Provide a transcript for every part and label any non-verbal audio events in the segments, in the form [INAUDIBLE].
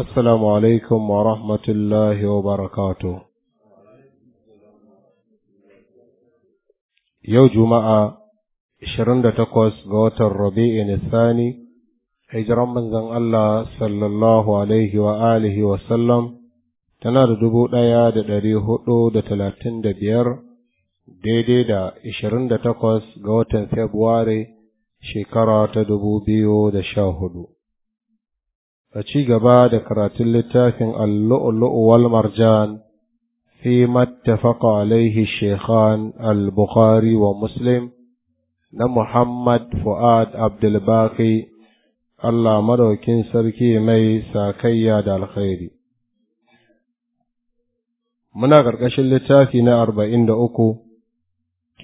السلام عليكم ورحمة الله وبركاته يوم جمعة 28 ga watan Rabi'in Thani hijiran manzon Allah sallallahu alaihi wa alihi wa sallam tana da dubu ɗaya da ɗari hudu da talatin da biyar daidai da ishirin da takwas ga watan Februari shekara ta dubu biyu da sha hudu. a ci gaba da karatun littafin allu'ulu'u wal marjan fi mattafaqa alaihi shekhan al-bukhari wa muslim na muhammad fu'ad abdulbaki allah madaukin sarki mai sakayya da alkhairi muna ƙarƙashin littafi na arba'in da uku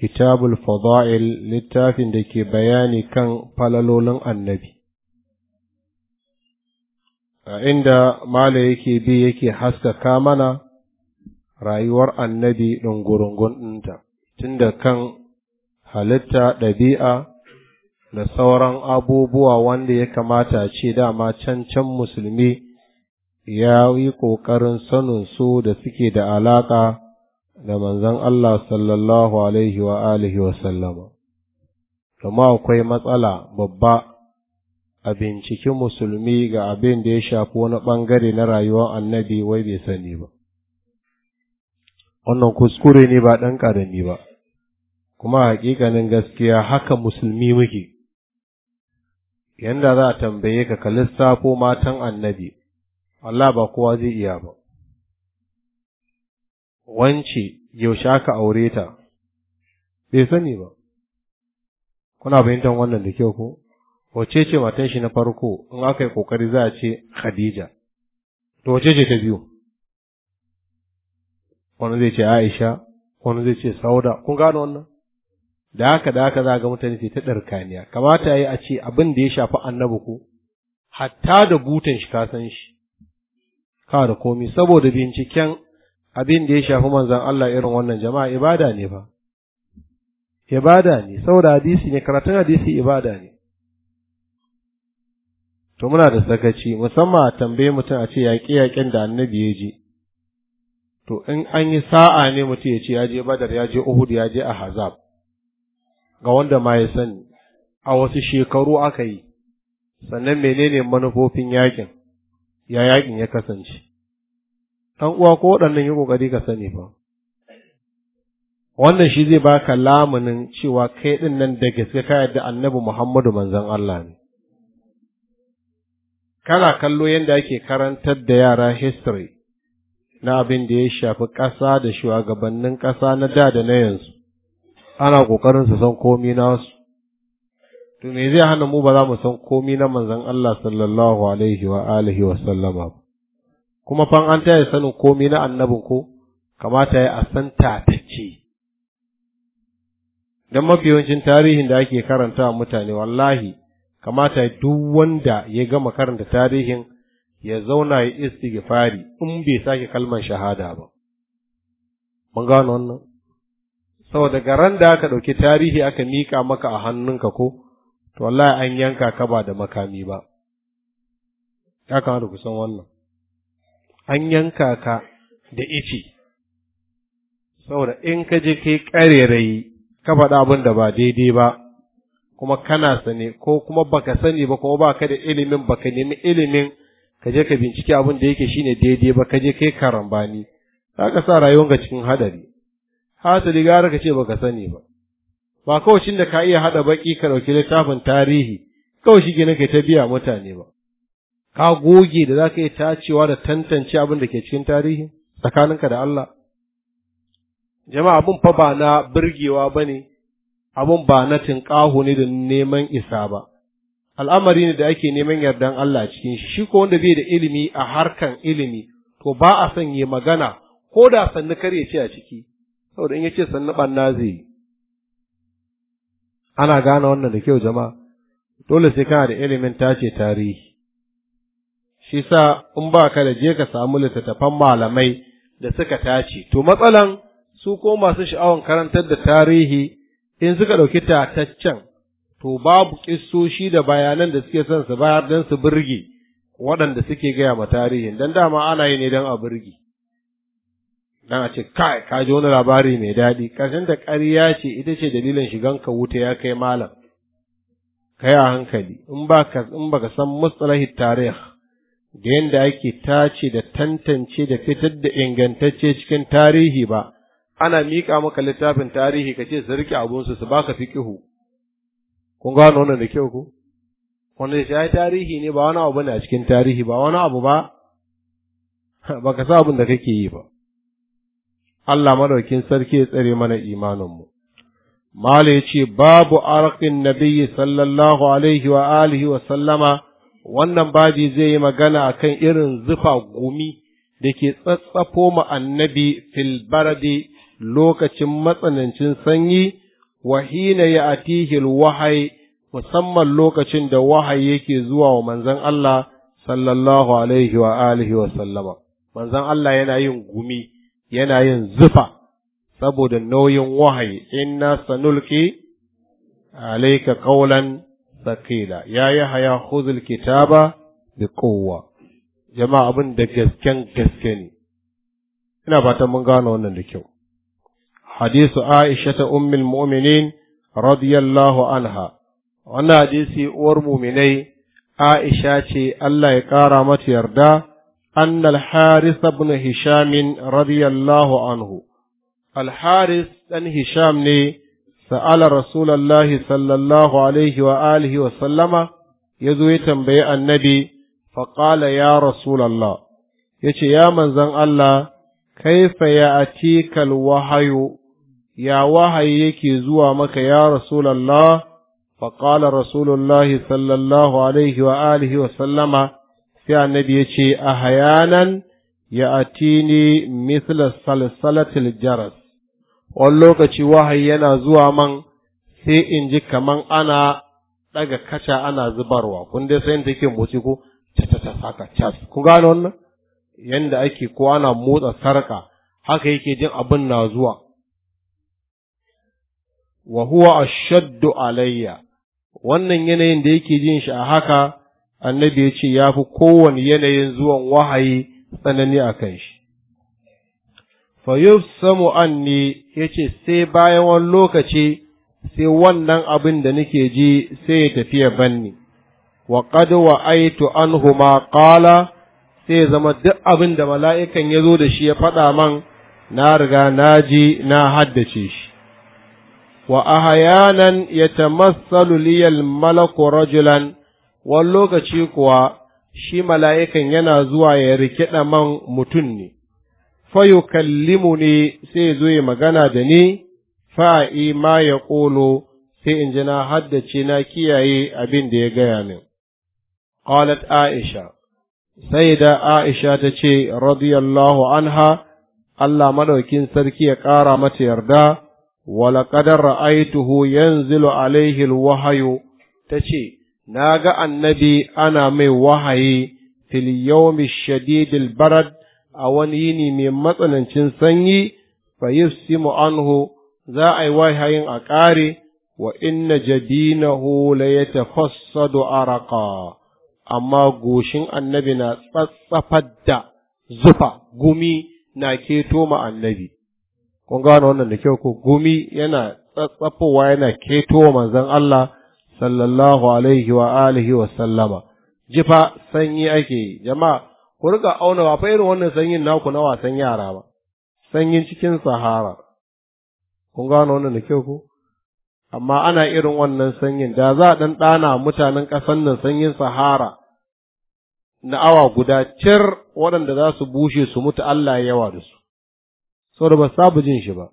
kitabul fada'il littafin da ke bayani kan falalolin annabi inda mala yake bi yake haskaka mana rayuwar annabi ɗungurungun ɗinta tun kan halitta ɗabi'a da sauran abubuwa wanda ya kamata ce dama can can musulmi ya yi ƙoƙarin sanin su da suke da alaƙa da manzon Allah sallallahu alaihi wa wa sallama. Kuma akwai matsala babba a binciki musulmi ga abin da ya shafi wani bangare na rayuwar annabi wai bai sani ba wannan kuskure ne ba ɗan ƙarami ba kuma hakikanin gaskiya haka musulmi muke yanda za a tambaye ka ka lissafo matan annabi Allah ba kowa zai iya ba wance yaushe aka aure ta bai sani ba kuna fahimtar wannan da kyau ko wace ce matan shi na farko in aka yi kokari za a ce khadija to wace ce ta biyu wani zai ce aisha wani zai ce sauda kun gano wannan da haka da haka za ga mutane sai ta darkaniya kamata ya yi a ce abin da ya shafi annabi ko hatta da butan shi ka san shi ka da komi saboda binciken abin da ya shafi manzan Allah irin wannan jama'a ibada ne ba ibada ne saboda hadisi ne karatun hadisi ibada ne to muna da sakaci musamman a tambaye mutum a ce yaƙe-yaƙen da annabi ya je to in an yi sa'a ne mutum ya ce ya je badar ya je uhud ya je ahzab ga wanda ma ya sani a wasu shekaru aka yi sannan menene manufofin yaƙin ya yaƙin ya kasance ɗan uwa ko waɗannan yi ƙoƙari ka sani fa wannan shi zai baka lamunin cewa kai ɗin nan da gaske ka yarda annabi Muhammadu manzon Allah ne kana kallo yadda ake karantar da yara history na abin da ya shafi ƙasa da shugabannin ƙasa na da da na yanzu ana ƙoƙarin su san komi na wasu to me zai hana mu ba za mu san komi na manzon Allah sallallahu alaihi wa alihi wa sallama kuma fan an taya sanin komi na annabin ko kamata ya san tatacce don mafi yawancin tarihin da ake karanta mutane wallahi kamata duk wanda ya gama karanta tarihin ya zauna ya istighfari in bai sake kalmar shahada ba mun gano wannan saboda garan da aka ɗauki tarihi aka miƙa maka a hannunka ko to wallahi an yanka ka ba da makami ba ya kamata ku san wannan an yanka ka da ice saboda in ka je kai ƙarerayi ka faɗa abin da ba daidai ba kuma kana sane ko kuma baka sani ba kuma baka da ilimin baka nemi ilimin ka je ka binciki abin da yake shine daidai ba ka je kai karambani ka sa rayuwanka cikin hadari hasali gara ka ce baka sani ba ba kawai da ka iya hada baki ka dauki littafin tarihi kawai shi gina kai ta biya mutane ba ka goge da zaka yi tacewa da tantance abin da ke cikin tarihi tsakaninka da Allah jama'a abin fa ba na birgewa bane abun ba na tinƙaho ne da neman isa ba al'amari ne da ake neman yardan Allah cikin shi shi ko wanda bai da ilimi a harkan ilimi to ba a son yi magana ko da sannu kar ce a ciki saboda in ya ce sannu banna zai ana gane wannan da kyau jama'a dole sai kana da ilimin tace tarihi shi sa in ba ka da je ka samu littattafan malamai da suka tace to matsalan su ko masu sha'awar karantar da tarihi in suka ɗauki tataccen to babu ƙistoshi da bayanan da suke son su bayar don su birge waɗanda suke gaya ma tarihin don dama ana yi ne don a birge don a ce kai ka ji wani labari mai daɗi ƙarshen da ƙarya ce ita ce dalilin shigan ka wuta ya kai malam Ka yi a hankali in ba ka in ba san mustalahi tarih da yadda ake tace da tantance da fitar da ingantacce cikin tarihi ba ana miƙa maka littafin tarihi ka ce su rike abunsu su baka kihu. kun gano wannan da kyau ko wanda shi tarihi ne ba wani abu ne a cikin tarihi ba wani abu ba [LAUGHS] Ba ka sa abin da kake yi ba Allah madaukin sarki ya tsare mana imaninmu Mala ya ce babu arqin nabiyyi sallallahu alaihi wa alihi wa sallama wannan baji zai yi magana akan irin zufa gumi da ke tsatsafo ma annabi fil baradi lokacin matsanancin sanyi wa hina ya atihil wahai musamman lokacin da wahayi yake zuwa wa manzon Allah sallallahu alaihi wa alihi wa sallama manzon Allah yana yin gumi yana yin zufa saboda nauyin wahayi inna sanulki alayka qawlan thaqila ya yahya khudhul kitaba bi quwwa jama'a abin da gasken gaske ne ina fatan mun gano wannan da kyau hadisu Aisha ta ummul mu'minin radiyallahu anha wannan hadisi uwar mu'minai Aisha ce Allah ya ƙara mata yarda أن الحارث بن هشام رضي الله عنه الحارث بن هشام ني سأل رسول الله صلى الله عليه وآله وسلم يزوي تنبيه النبي فقال يا رسول الله يتي يا من زن الله كيف يأتيك الوحي ya wahayi yake zuwa maka ya rasulallah faƙala rasulallah sallallahu alaihi wa alihi wa sallama sai annabi ya ce a hayanan ya atini mithla salsalatil jaras wani lokaci wahayi yana zuwa man sai in ji kaman ana ɗaga kaca ana zubarwa kun dai sai ke motsi ko ta saka cas ku gane wannan yanda ake ko ana motsa sarka haka yake jin abin na zuwa wa huwa ashaddu alayya wannan yanayin da yake jin shi a haka annabi ya ce ya fi kowane yanayin zuwan wahayi tsanani a kan shi fa yufsamu anni yace sai bayan wani lokaci sai wannan abin da nake ji sai ya tafi ya banni wa qad wa'aitu anhuma qala sai zama duk abin da mala'ikan ya zo da shi ya faɗa man na riga na ji na haddace shi wa ahayanan yatamassalu liyal malaku rajulan wani lokaci kuwa shi mala'ikan yana zuwa ya da man mutum ne fayo kallimu ne sai zo ya magana da ni fa'i ma ya ƙolo sai in ji na haddace na kiyaye abin da ya gaya min qalat aisha sai da aisha ta ce radiyallahu anha Allah madaukin sarki ya ƙara mata yarda ولقد رأيته ينزل عليه الوحي تشي ناغا النبي أنا مي وحي في اليوم الشديد البرد أوليني من مثلا سني فيسم عنه ذا أي وحي أكاري وإن جبينه ليتفسد أرقا أما غوشين النبي نتصفد زفا قمي ناكيتوما النبي kun gano wannan da kyau ko gumi yana tsatsafowa yana keto manzon Allah sallallahu alaihi wa alihi wa sallama jifa sanyi ake jama'a ku riga auna ba irin wannan sanyin naku na wasan yara ba sanyin cikin sahara kun gano wannan da kyau ko amma ana irin wannan sanyin da za a dan dana mutanen kasan nan sanyin sahara na awa guda cir waɗanda za su bushe su mutu Allah yawa da su saboda ba sabu jin shi ba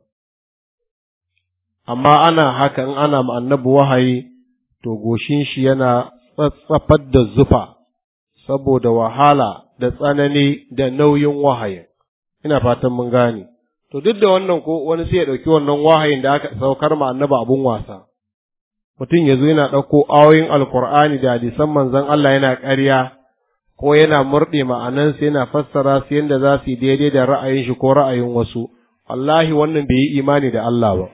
amma ana haka in ana ma annabi wahayi to goshin shi yana tsatsafar da zufa saboda wahala da tsanani da nauyin wahayin ina fatan mun gane to duk da wannan ko wani sai ya ɗauki wannan wahayin da aka saukar ma annabi abun wasa mutum ya zo yana ɗauko ayoyin alkur'ani da hadisan manzon Allah yana ƙarya ko yana murɗe ma'anan sai yana fassara su yadda za su yi daidai da ra'ayin shi ko ra'ayin wasu wallahi wannan bai yi imani da Allah ba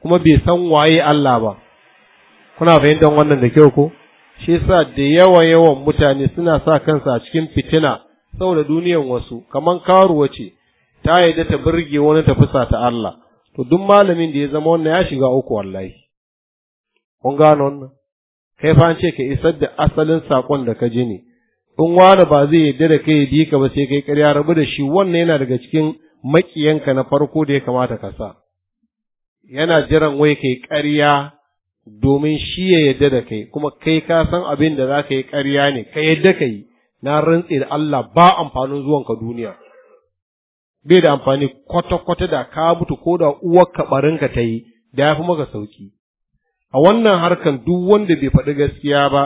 kuma bai san waye Allah ba kuna fahimtar wannan da kyau ko shi yasa da yawa yawan mutane suna sa kansa a cikin fitina saboda duniyan wasu kamar karuwa ce ta yadda ta burge wani ta fusa ta Allah to duk malamin da ya zama wannan ya shiga uku wallahi kun gano wannan kai fa an ce ka isar da asalin sakon da ka ji ne in wani ba zai yadda da kai bi ka ba sai kai ƙarya rabu da shi wannan yana daga cikin makiyanka na farko da ya kamata ka sa yana jiran wai kai ƙarya domin shi ya yadda da kai kuma kai ka san abin da za ka yi ƙarya ne ka yadda ka yi na rantse da Allah ba amfanin zuwanka duniya bai da amfani kwata-kwata da ka mutu ko da uwar ka ta yi da ya fi maka sauki a wannan harkan duk wanda bai faɗi gaskiya ba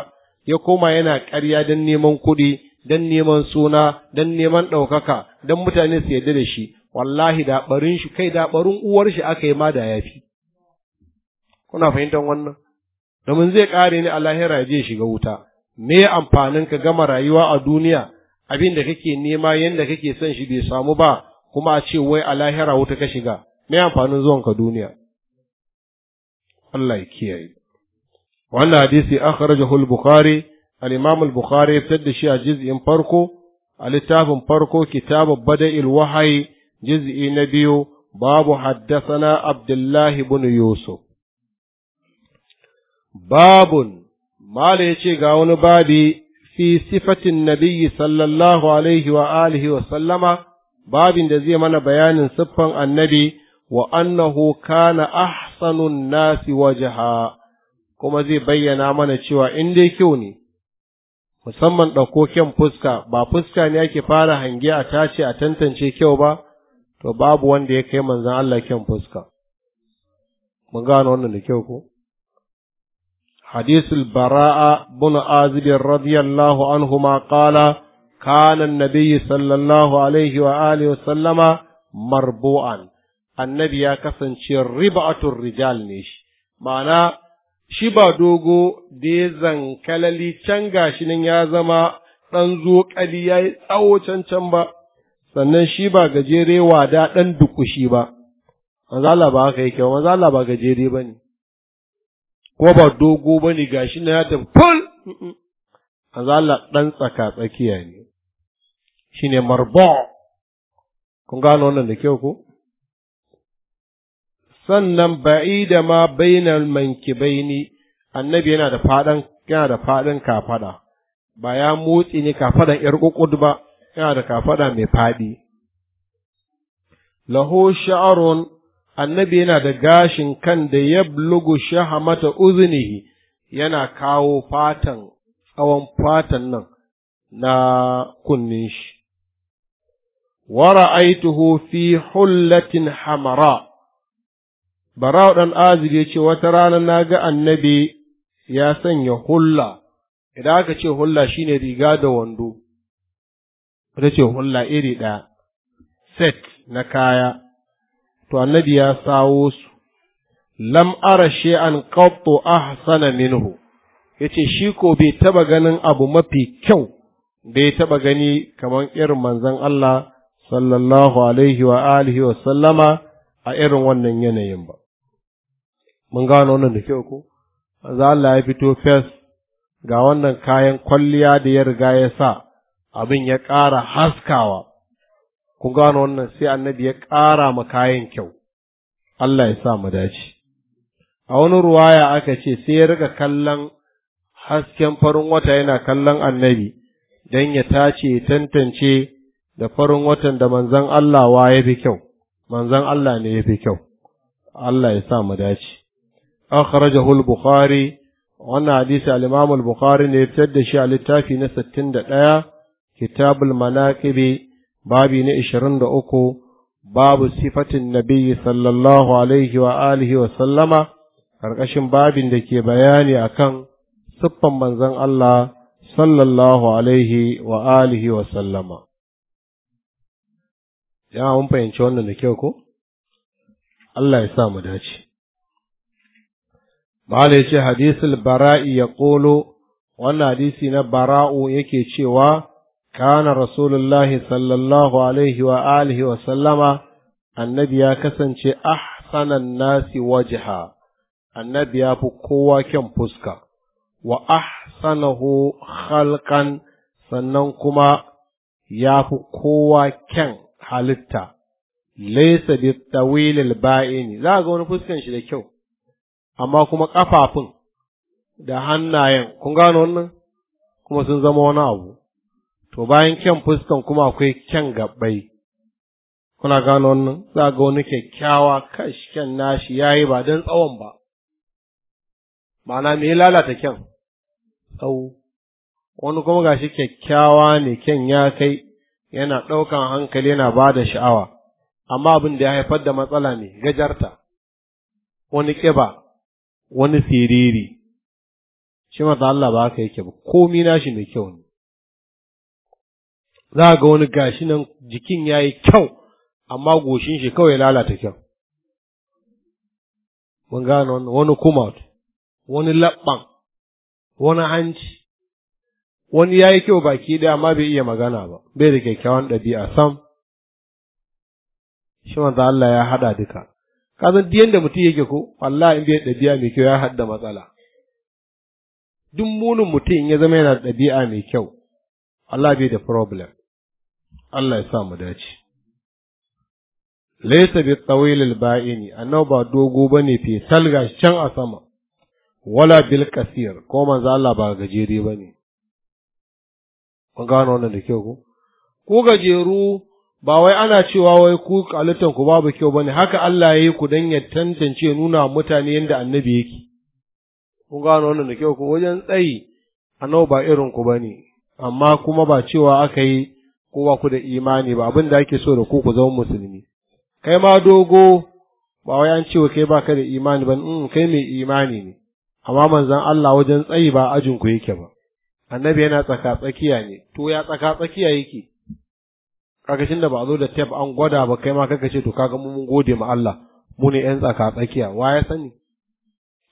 ya koma yana ƙarya don neman kuɗi don neman suna don neman ɗaukaka don mutane su yarda da shi wallahi da barin shi kai da uwar shi aka yi ma da yafi kuna fahimtar wannan domin zai ƙare ni a lahira ya je shiga wuta me amfanin ka gama rayuwa a duniya abin da kake nema yadda kake son shi bai samu ba kuma a ce wai a lahira wuta ka shiga me amfanin zuwan ka duniya Allah ya kiyaye wannan hadisi akhrajahu al-bukhari al-imam al-bukhari ya fitar da shi a juz'in farko a littafin farko kitabu bada'il wahayi juz'i na biyu babu haddathana abdullahi ibn yusuf babun mala yace ga wani babi fi sifatin nabiyyi sallallahu alaihi wa alihi wa sallama babin da zai mana bayanin siffan annabi wa annahu kana ahsanun nasi wajha kuma zai bayyana mana cewa in dai kyau ne musamman ɗauko kyan fuska ba fuska ne ake fara hange a tace a tantance kyau ba to babu wanda ya kai manzan Allah kyan fuska mun gano wannan da kyau ko حديث البراء بن عازب رضي الله عنهما قال كان النبي صلى الله عليه وآله وسلم مربوعا النبي كسن ربعة الرجال نيش ma'ana. shi ba dogo da ya zankalali can gashi nan ya zama ɗan zokali ya yi tsawo can can ba, sannan shi ba gajere wada ɗan dukushi ba, mazala ba haka yake ba, mazala ba gajere ba ne, kuma ba dogo ba ne gashi nan ya tafi ful, mazala ɗan tsaka tsakiya ne, shi ne marbo, kun gano wannan da kyau ko? sannan bai da ma bainal mankibaini annabi yana da fadan yana da fadan kafada ba ya motsi ne kafadan yar kukud ba yana da kafada mai fadi lahu sha'arun annabi yana da gashin kan da yablugu shahamata uznihi yana kawo fatan tsawon fatan nan na kunnin shi Wara ra'aituhu fi hullatin hamara Bara'u ɗan azib ya ce wata rana na ga annabi ya sanya hulla, idan aka ce hulla shine riga da wando, wata ce hulla iri ɗaya, set na kaya, to annabi ya sawo su, lam ara she'an qattu ahsana minhu, ya shi ko bai taba ganin abu mafi kyau da ya taba gani kamar irin manzon Allah sallallahu alaihi wa alihi wa sallama a irin wannan yanayin ba. mun gano wannan da kyau ko za Allah ya fito fes ga wannan kayan kwalliya da ya riga ya sa abin ya ƙara haskawa kun gano wannan sai annabi ya ƙara ma kayan kyau Allah ya sa mu dace a wani ruwaya aka ce sai ya riga kallon hasken farin wata yana kallon annabi don ya tace ya tantance da farin watan da manzon Allah wa ya fi kyau manzon Allah ne ya fi kyau Allah ya sa mu dace akhrajahu al-bukhari wannan hadisi al-imam bukhari ne fitar da shi a littafi na 61 kitabul manaqibi babi na 23 babu sifatin nabiyyi sallallahu alaihi wa wa sallama karkashin babin da ke bayani akan siffan manzon Allah sallallahu alaihi wa alihi wa sallama ya mun fahimci wannan da kyau ko Allah ya sa mu dace Mala ya ce hadisul bara'i ya ƙolo, wannan hadisi na bara'u yake cewa, kana Rasulullahi sallallahu alaihi wa alihi wa sallama, annabi ya kasance ahsanan nasi wajiha annabi ya fi kowa kyan fuska, wa ahsanahu halkan sannan kuma ya fi kowa kyan halitta, laisa bi tawilil ba'ini, za ga wani fuskan shi da kyau. amma kuma ƙafafun da hannayen kun gano wannan kuma sun zama wani abu to bayan kyan fuskan kuma akwai kyan gabbai kuna gano wannan za ga wani kyakkyawa kashi kyan nashi ya yi ba don tsawon ba ma'ana me lalata kyan tsawo wani kuma gashi kyakkyawa ne kyan ya kai yana ɗaukan hankali yana ba da sha'awa amma abin da ya haifar da matsala ne gajarta wani ƙiba wani siriri shi maza Allah ba ka yake ba komi nashi mai kyau ne za ga wani gashi nan jikin ya yi kyau amma goshin shi kawai lalata kyau mun gane wani kuma wani labban wani hanci wani ya yi kyau baki ɗaya amma bai iya magana ba bai da kyakkyawan ɗabi'a sam shi manzo Allah ya haɗa duka ka san diyan da mutum yake ko wallahi in bai ɗabi'a mai kyau ya hadda matsala duk munin mutum ya zama yana da ɗabi'a mai kyau Allah bai da problem Allah ya sa mu dace laysa bi tawil al ba'ini annahu ba dogo bane fi salga can a sama wala bil kasir ko manzo Allah ba gajere bane kun gano wannan da kyau ko ko gajeru ba wai ana cewa wai ku halittar ku babu kyau bane haka Allah ya yi ku dan ya tantance nuna mutane yadda annabi yake kun gano wannan da kyau ku wajen tsayi annabi ba irin ku bane amma kuma ba cewa aka yi ko ku da imani ba abin da ake so da ku ku zama musulmi kai ma dogo ba wai an cewa kai baka da imani ba in mm, kai mai imani ne amma manzon Allah wajen tsayi ba ajin ku yake ba annabi yana tsaka tsakiya ne to ya tsaka tsakiya yake kaga shin da ba a zo da tape an gwada ba kai ma kaga ce to kaga mun gode ma Allah mu ne ƴan tsaka tsakiya wa ya sani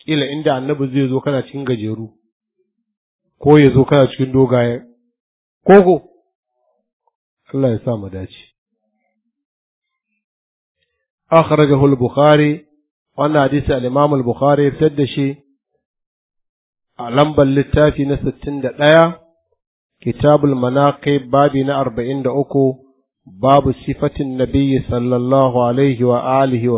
kila inda annabi zai zo kana cikin gajeru ko ya zo kana cikin dogaye koko Allah ya sa mu dace akhrajahu al-bukhari wannan hadisi al-imam al-bukhari ya da shi a lambar littafi na 61 kitabul manaqib babi na 43 babu sifatin nabiyyi sallallahu alaihi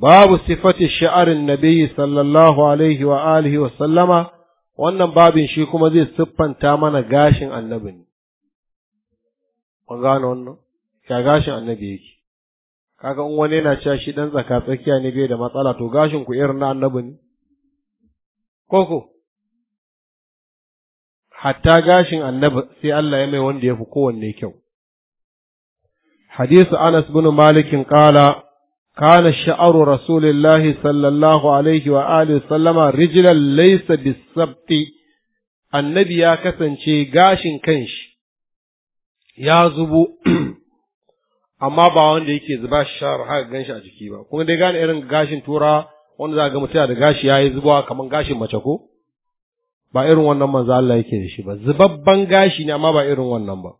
babu sifati sha'arin nabiyyi sallallahu alaihi wa wa sallama wannan babin shi kuma zai siffanta mana gashin annabi ne kun gane wannan ya gashin annabi yake kaga in wani yana cewa shi ɗan tsaka tsakiya ne bai da matsala to gashin ku irin na annabi ne koko hatta gashin annabi sai Allah ya mai wanda ya fi kowanne kyau. Hadisu Anas bin Malikin kala kana sha'aru Rasulillahi sallallahu alaihi wa alihi sallama rijilan laisa bisabti, annabi ya kasance gashin kanshi ya zubo, amma ba wanda yake zuba shi haka ganshi a jiki ba, kuma dai gane irin gashin tura wanda za ga mutum da gashi ya yi zubawa kamar gashin mace ko? ba irin wannan manzo Allah yake da shi ba zubabban gashi ne amma ba irin wannan ba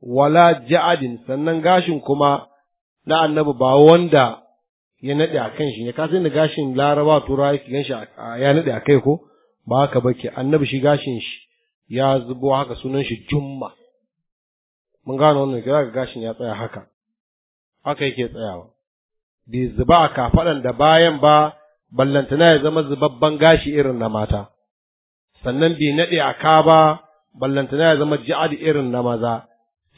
wala ja'adin sannan gashin kuma na annabi ba wanda ya nade a kan shi ne ka san da gashin laraba tura yake ganshi ya nade a kai ko ba haka bake annabi shi gashin shi ya zubo haka sunan shi jumma mun gano wannan kira ga gashin ya tsaya haka haka yake tsayawa bai zuba a kafaɗan da bayan ba ballantana ya zama zubabban gashi irin na mata sannan bai naɗe a ka ba ballantana ya zama ji'adi irin na maza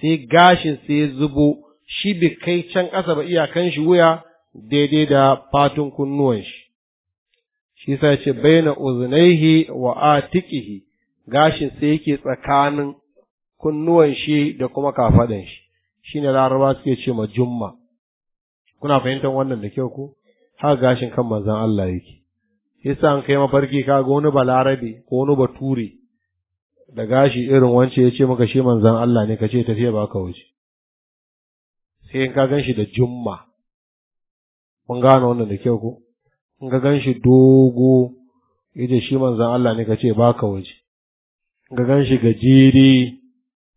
sai gashin sai zubo shi bai kai can ƙasa ba iyakan shi wuya daidai da fatun kunnuwan shi shi sai ce baina uzunaihi wa atiqihi gashin sai yake tsakanin kunnuwan shi da kuma kafadan shi shine laraba suke ce ma jumma kuna fahimtar wannan da kyau ko har gashin kan manzon Allah yake yasa an kai mafarki ka ga wani balarabe ko wani bature da gashi irin wance ya ce maka shi manzan Allah ne ka ce tafiya ba ka wuce sai in ka gan shi da jumma mun gano wannan da kyau ko in ka gan shi dogo ya ce shi manzan Allah ne ka ce ba ka waje in ka gan shi gajeri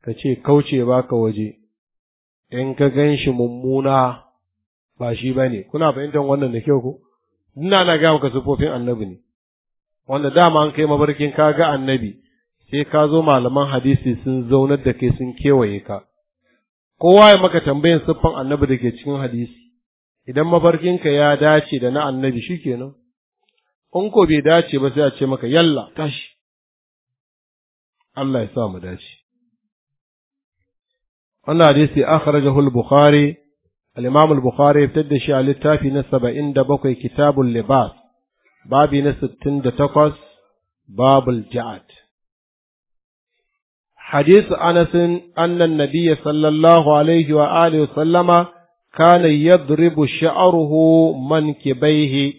ka ce kauce ba ka waje in ka gan shi mummuna ba shi ba ne kuna fahimtar wannan da kyau ko ina na gaya maka sufofin annabi ne wanda dama an kai mabarkin ka ga annabi sai ka zo malaman hadisi sun zaunar da kai sun kewaye ka kowa ya maka tambayin siffan annabi da ke cikin hadisi idan ka ya dace da na annabi shi kenan in ko bai dace ba sai a ce maka yalla tashi Allah ya sa mu dace wannan hadisi akhrajahu al-bukhari al-imam al-bukhari fitar da shi a littafi na 77 kitabul libas babi na 68 babul ja'ad حديث أنس أن النبي صلى الله عليه وآله وسلم كان يضرب شعره منكبيه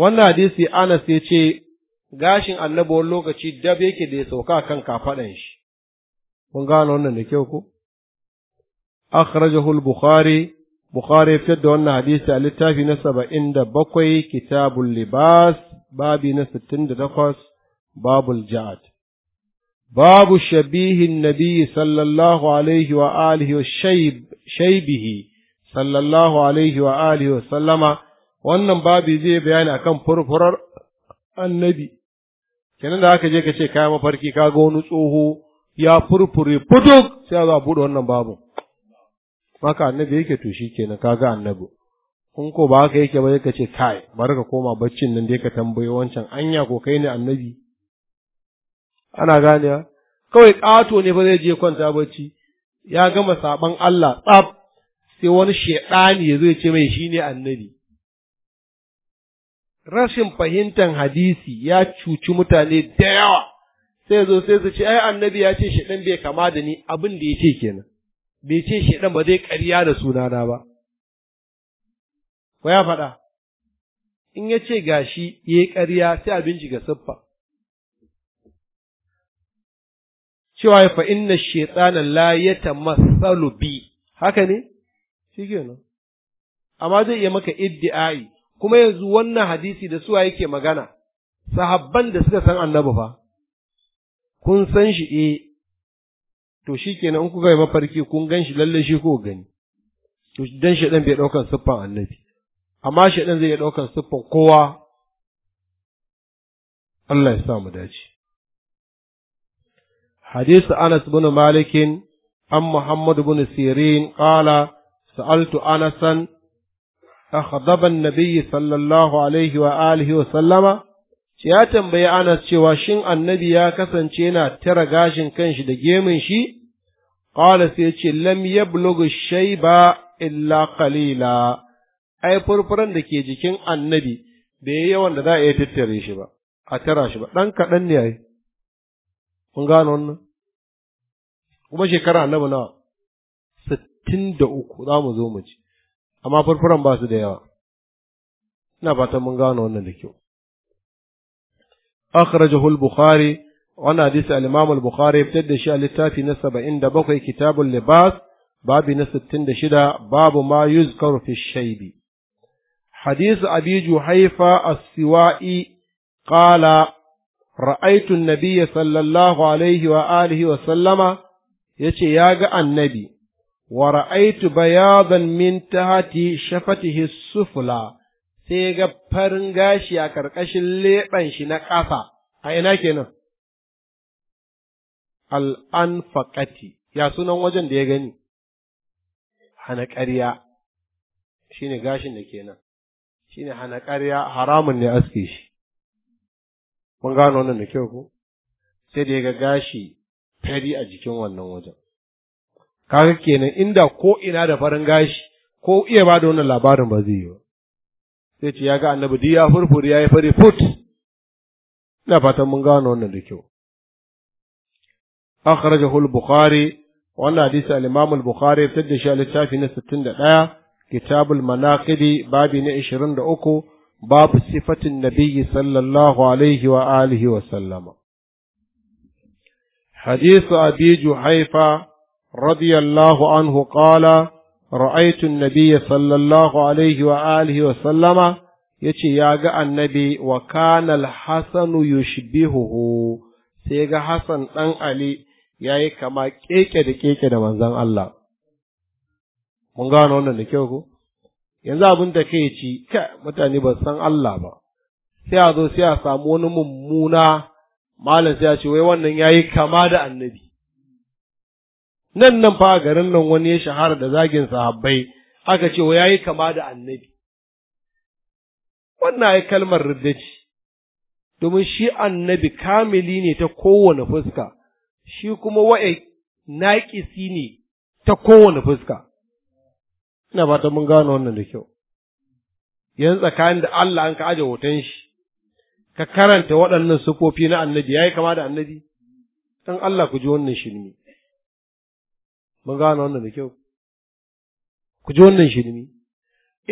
wannan hadisi Anas ya ce gashin annabi wani lokaci dab yake da ya sauka kan kafaɗan shi kun gano wannan da kyau ko akhrajahu al-bukhari ya fitar da wannan hadisi a littafi na saba'in da bakwai kitabul libas babi na sittin da takwas babul ja'ad babu shabihin nabiyyi sallallahu alaihi wa wa shaibihi sallallahu alaihi wa wa sallama wannan babi zai bayani akan furfurar annabi kenan da aka je ka ce kaya mafarki ka ga wani tsoho ya furfure fuduk sai za a buɗe wannan babu. maka annabi yake to shi kenan ga annabi kun ko ba haka yake ba zai ka ce kai bari ka koma baccin nan dai ka tambayi wancan anya ko kai ne annabi ana gane kawai ƙato ne ba zai je kwanta bacci ya gama saban Allah tsab sai wani shaidani ya zo ya ce mai shine annabi rashin fahimtar hadisi ya cuci mutane da yawa sai zo sai su ce ai annabi ya ce shaidan bai kama da ni abin da ya ce kenan bai ce shaidan ba zai ƙarya da sunana ba ko ya faɗa in ya ce gashi ya yi ƙarya sai a ga siffa cewa ya fa'in na shaitana la ya bi haka ne shi kenan amma zai iya maka iddi'ai kuma yanzu wannan hadisi da suwa yake magana sahabban da suka san annabi fa kun san shi eh to shi kenan in kuka yi mafarki kun gan shi lallai shi ko gani to dan shaɗan bai ɗaukan siffan annabi amma shaɗan zai iya ɗaukan siffan kowa Allah ya sa mu dace hadisi Anas bin Malikin an Muhammad bin Sirin kala sa'altu Anasan أخضب sallallahu alaihi wa عليه wa sallama. ya tambayi Anas cewa shin annabi ya kasance yana tara gashin kanshi da gemun shi? qala sai ce, Lam yablugu shaiba illa qalila ai furfuran da ke jikin annabi bai yi yawan da za a iya tattare shi ba, a tara shi ba, Dan kaɗan ne ai. Kun gano wannan? Kuma shekara annabi nawa? Sittin da uku za mu zo mu ci, amma furfuran ba su da yawa. Ina fatan mun gano wannan da kyau. akhrajahu al-bukhari wannan hadisi al-imam al fitar da shi a littafi na 77 kitabul libas babi na 66 babu ma yuzkaru fi shaybi حديث أبي جحيفة السوائي قال رأيت النبي صلى الله عليه وآله وسلم يتي ياغا النبي ورأيت بياضا من تحت شفته السفلى sai ya ga farin gashi a ƙarƙashin leɓen shi na ƙafa, a ina kenan? Al'anfaƙati, ya sunan wajen da ya gani, hana ƙarya shi ne gashin da kenan, shi ne hana ƙarya haramun ne aske shi. Mun gano wannan da kyau ko? Sai da ya ga gashi fari a jikin wannan wajen. Kaga kenan inda ko ina da farin gashi, ko iya ba da wannan labarin ba zai yi ba. sai ce ya ga annabi duk ya furfuri ya yi fari fut ina fatan mun gano wannan da kyau akhrajahu al-bukhari wannan hadisi al-imam al-bukhari ya fitar da shi a littafi na 61 al manaqidi babi na 23 babu sifatin nabiyyi sallallahu alaihi wa alihi wa sallama حديث أبي جحيفة رضي الله عنه قال ra'aitun nabiyya sallallahu alaihi wa alihi wa sallama yace ya ga annabi wa kana al-hasanu yushbihuhu sai ga Hassan dan Ali yayi kama keke da keke da manzon Allah mun gano wannan da kyau ko yanzu abin da kai ci mutane ba san Allah ba sai a a samu wani mummuna malam sai a ce wai wannan yayi kama da annabi nan nan fa garin nan wani ya shahara da zagin sahabbai aka ce wa yi kama da annabi wannan ai kalmar riddaci domin shi annabi kamili ne ta kowane fuska shi kuma wa'ai naƙisi ne ta kowane fuska ina fata mun gano wannan da kyau yanzu tsakanin da Allah an ka aje hoton shi ka karanta waɗannan sufofi na annabi yayi kama da annabi dan Allah ku ji wannan shirme mun gane wannan da kyau ku ji wannan shirmi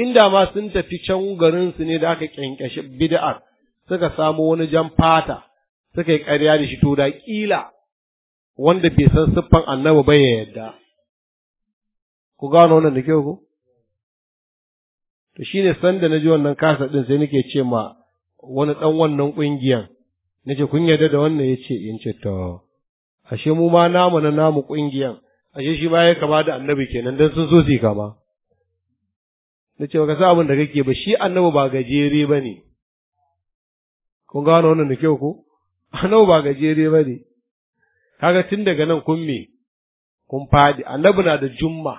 inda ma sun tafi can garinsu ne da aka kyankyashi bid'ar suka samo wani jan fata suka yi ƙarya da shi to da ƙila wanda bai san siffan annabi ba ya yadda ku gano wannan da kyau ko to shine sanda na ji wannan kasa din sai nake ce ma wani dan wannan kungiyan nace kun yarda da wannan yace in ce to ashe mu ma namu na namu kungiyan ashe shi ma ya kama da annabi kenan dan sun so su kama na ce baka sa abin da kake ba shi annabi ba gajere ba ne kun gano wannan da kyau ko [LAUGHS] annabi ba gajere ba ne kaga tun daga nan kun me kun fadi annabi na da jumma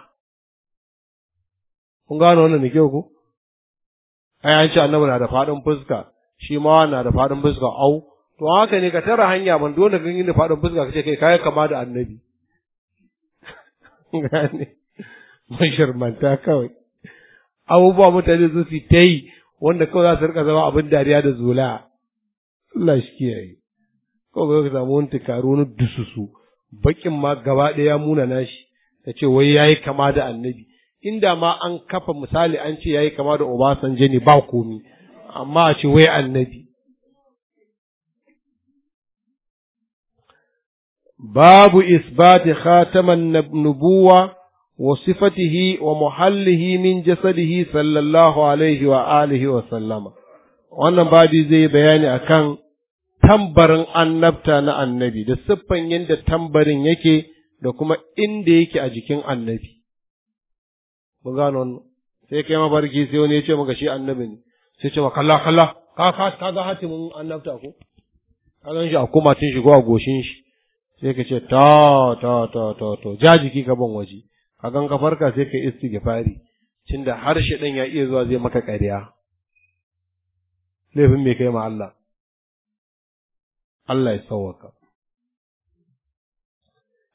kun gano wannan da kyau ko ai an ce annabi na da fadin fuska shi ma na da fadin fuska au to haka ne ka tara hanya ban dole ka yi da fadin fuska kace kai kai kama da annabi gane mashirmanta kawai abubuwa mutane su su ta yi wanda kawai za su rika zama abin dariya da zula Allah shi kiyaye kawai ka samu wani tukaru wani dususu bakin ma gaba ɗaya muna nashi ta ce wai ya yi kama da annabi inda ma an kafa misali an ce ya yi kama da Obasanjo ne ba komi amma a ce wai annabi babu isbati khataman nubuwa wa sifatihi wa muhallihi min jasadihi sallallahu alaihi wa wa sallama wannan babu zai bayani akan tambarin annabta na annabi da siffan yadda tambarin yake da kuma inda yake a jikin annabi mun gano wannan sai kai mabarki sai wani ya ce maka shi annabi ne sai ce maka kalla kalla ka ka ga hatimin annabta ko ka gan shi a kumatin shi ko a goshin shi sai ka ce ta ta ta ta ta ja jiki ka ban waje kagan ka farka sai ka istighfari tunda harshe ɗin ya iya zuwa zai maka ƙarya laifin me kai ma Allah Allah ya sauwaka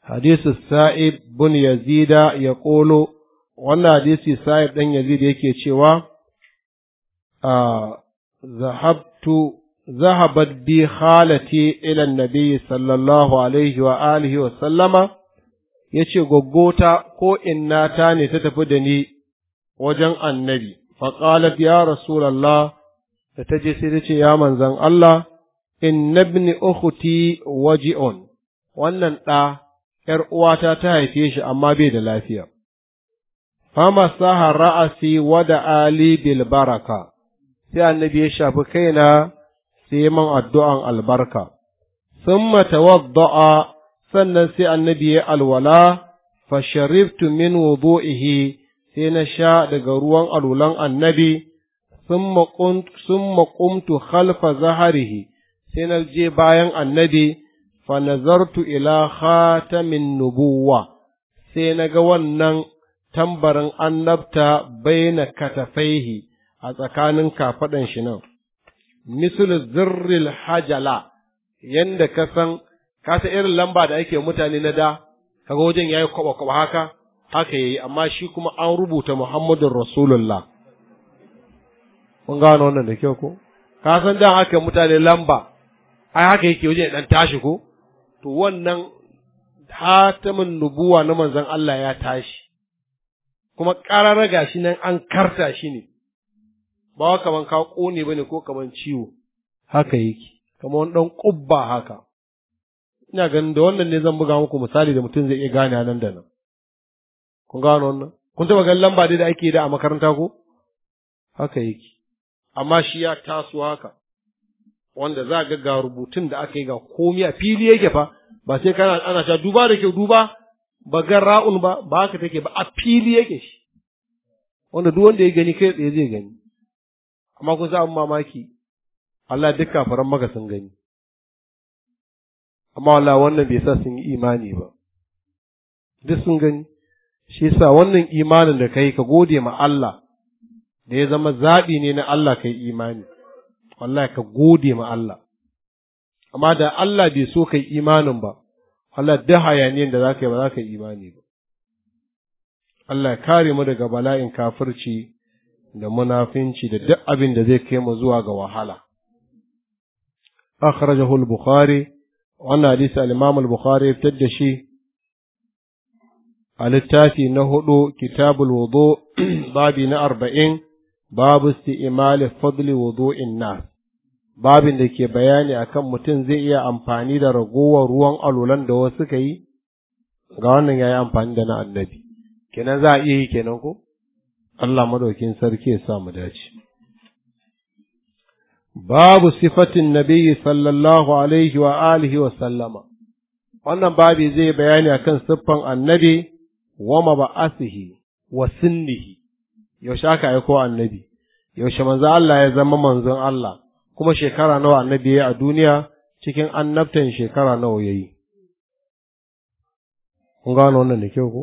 hadisu sa'ib bin yazida ya kolo wannan hadisi sa'ib ɗan yazid yake cewa a ah, zahabtu ذهبت بي خالتي إلى النبي صلى الله عليه وآله وسلم yace goggota ko innata ne ta tafi da ni wajen annabi faqalat ya rasulullah da ta je sai ta ce ya manzan Allah inna ibni ukhti waji'un wannan ɗa ’yar uwata ta haife shi amma bai da lafiya fama saha ra'asi wada ali bil baraka sai annabi ya shafi kaina sai man addu'an albarka sun tawadda'a sannan sai annabi ya alwala fa sharibtu min wudu'ihi sai na sha daga ruwan alulan annabi sun qumtu khalfa zaharihi sai na je bayan annabi fa nazartu ila khatamin nubuwa sai na ga wannan tambarin annabta baina katafaihi a tsakanin kafaɗan shi nan misal zirril hajala yanda ka san ka san irin lamba da ake mutane na da kaga wajen yayi kwaba kwaba haka haka yayi amma shi kuma an rubuta Muhammadur Rasulullah kun gano wannan da kyau ko ka san dan haka mutane lamba ai haka yake wajen dan tashi ko to wannan hatamin nubuwa na manzon Allah ya tashi kuma ƙararraga shi nan an karta shi ne ba kaman ka ƙone ba ne ko kaman ciwo haka yake kamar wani ɗan ƙubba haka ina ganin da wannan ne zan buga muku misali da mutum zai iya gane nan da nan kun gano wannan kun taɓa ganin lamba dai da ake da a makaranta ko haka yake amma shi ya taso haka wanda za ga ga rubutun da aka yi ga komi a fili yake fa ba sai kana ana sha duba da kyau duba ba ga ra'un ba ba haka take ba a fili yake shi wanda duk wanda ya gani kai tsaye zai gani amma kun an mamaki Allah duk kafaran maka sun gani amma Allah wannan bai sa sun yi imani ba duk sun gani shi yasa wannan imanin da kai ka gode ma Allah da ya zama zaɓi ne na Allah kai imani wallahi ka gode ma Allah amma da Allah bai so kai imanin ba Allah da hayaniyan da za ka yi ba za ka yi imani ba Allah ya kare mu daga bala'in kafirci da munafinci da duk abin da zai kai mu zuwa ga wahala akhrajahu al-bukhari wannan hadisi al-imam al-bukhari ya fitar da shi a littafi na hudu kitabul wudu [CLEARS THROAT] babi na arba'in babu isti'mal fadli wudu'in nas babin da ke bayani akan mutum zai iya amfani da ragowar ruwan alulan da wasu suka yi ga wannan yayi amfani da na annabi kenan za a iya yi kenan ko Allah madaukin sarki ya sa mu dace babu sifatin nabiyyi sallallahu alaihi wa alihi wa sallama wannan Babu zai bayani akan siffan annabi wa maba'asihi wa sinnihi yaushe aka aiko annabi yaushe manzo Allah ya zama manzon Allah kuma shekara nawa annabi ya a duniya cikin annabtan shekara nawa yayi kun gano wannan da kyau ko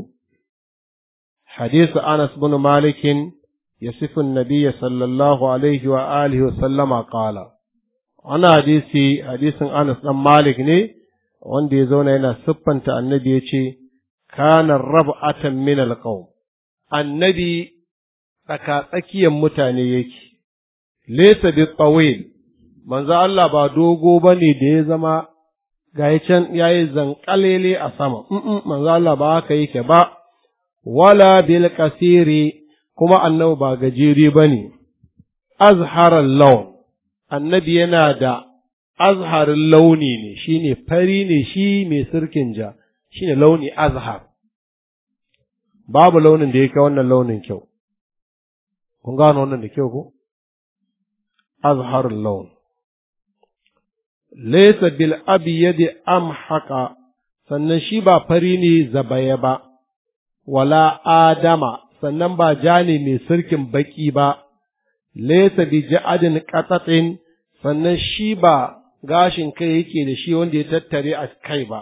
حديث أنس بن مالك يصف النبي صلى الله عليه وآله وسلم قال أنا حديثي حديث أنس بن مالك ني wanda ya zauna yana siffanta annabi ya ce, Kana atan min alqaum annabi tsaka-tsakiyar mutane yake, lesa bi tsawil, manzo Allah ba dogo ba ne da ya zama ga can ya yi zankalele a sama, manzo Allah ba haka yake ba, wala bil kasiri kuma annabi ba gajere ba ne azharan laun annabi yana da azharin launi ne shine fari ne shi mai sirkin ja shine launi azhar babu launin da yake wannan launin kyau kun gano wannan da kyau ko azharul laun laysa bil abyadi haka sannan shi ba fari ne zabaya ba wala adama sannan ba ja ne mai sirkin baki ba laysa bi ja'adin qatatin sannan shi ba gashin kai yake da shi wanda ya tattare a kai ba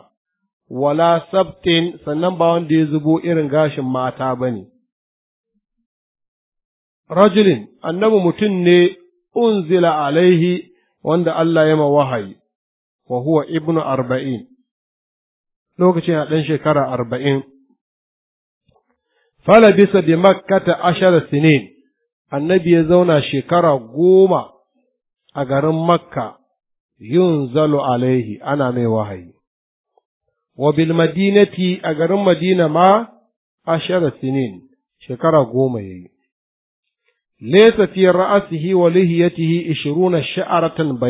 wala sabtin sannan ba wanda ya zubo irin gashin mata bane rajulin annabi mutum ne unzila alaihi wanda Allah ya ma wahayi wa huwa ibnu arba'in lokacin a ɗan shekara arba'in fala bisa bi makkata ashara sinin annabi ya zauna shekara goma a garin makka yun zalo alaihi ana mai wahayi wa bil madinati a garin madina ma ashara sinin shekara goma ya yi lesa fi ra'asihi wa lihiyatihi ishiruna sha'aratan ba,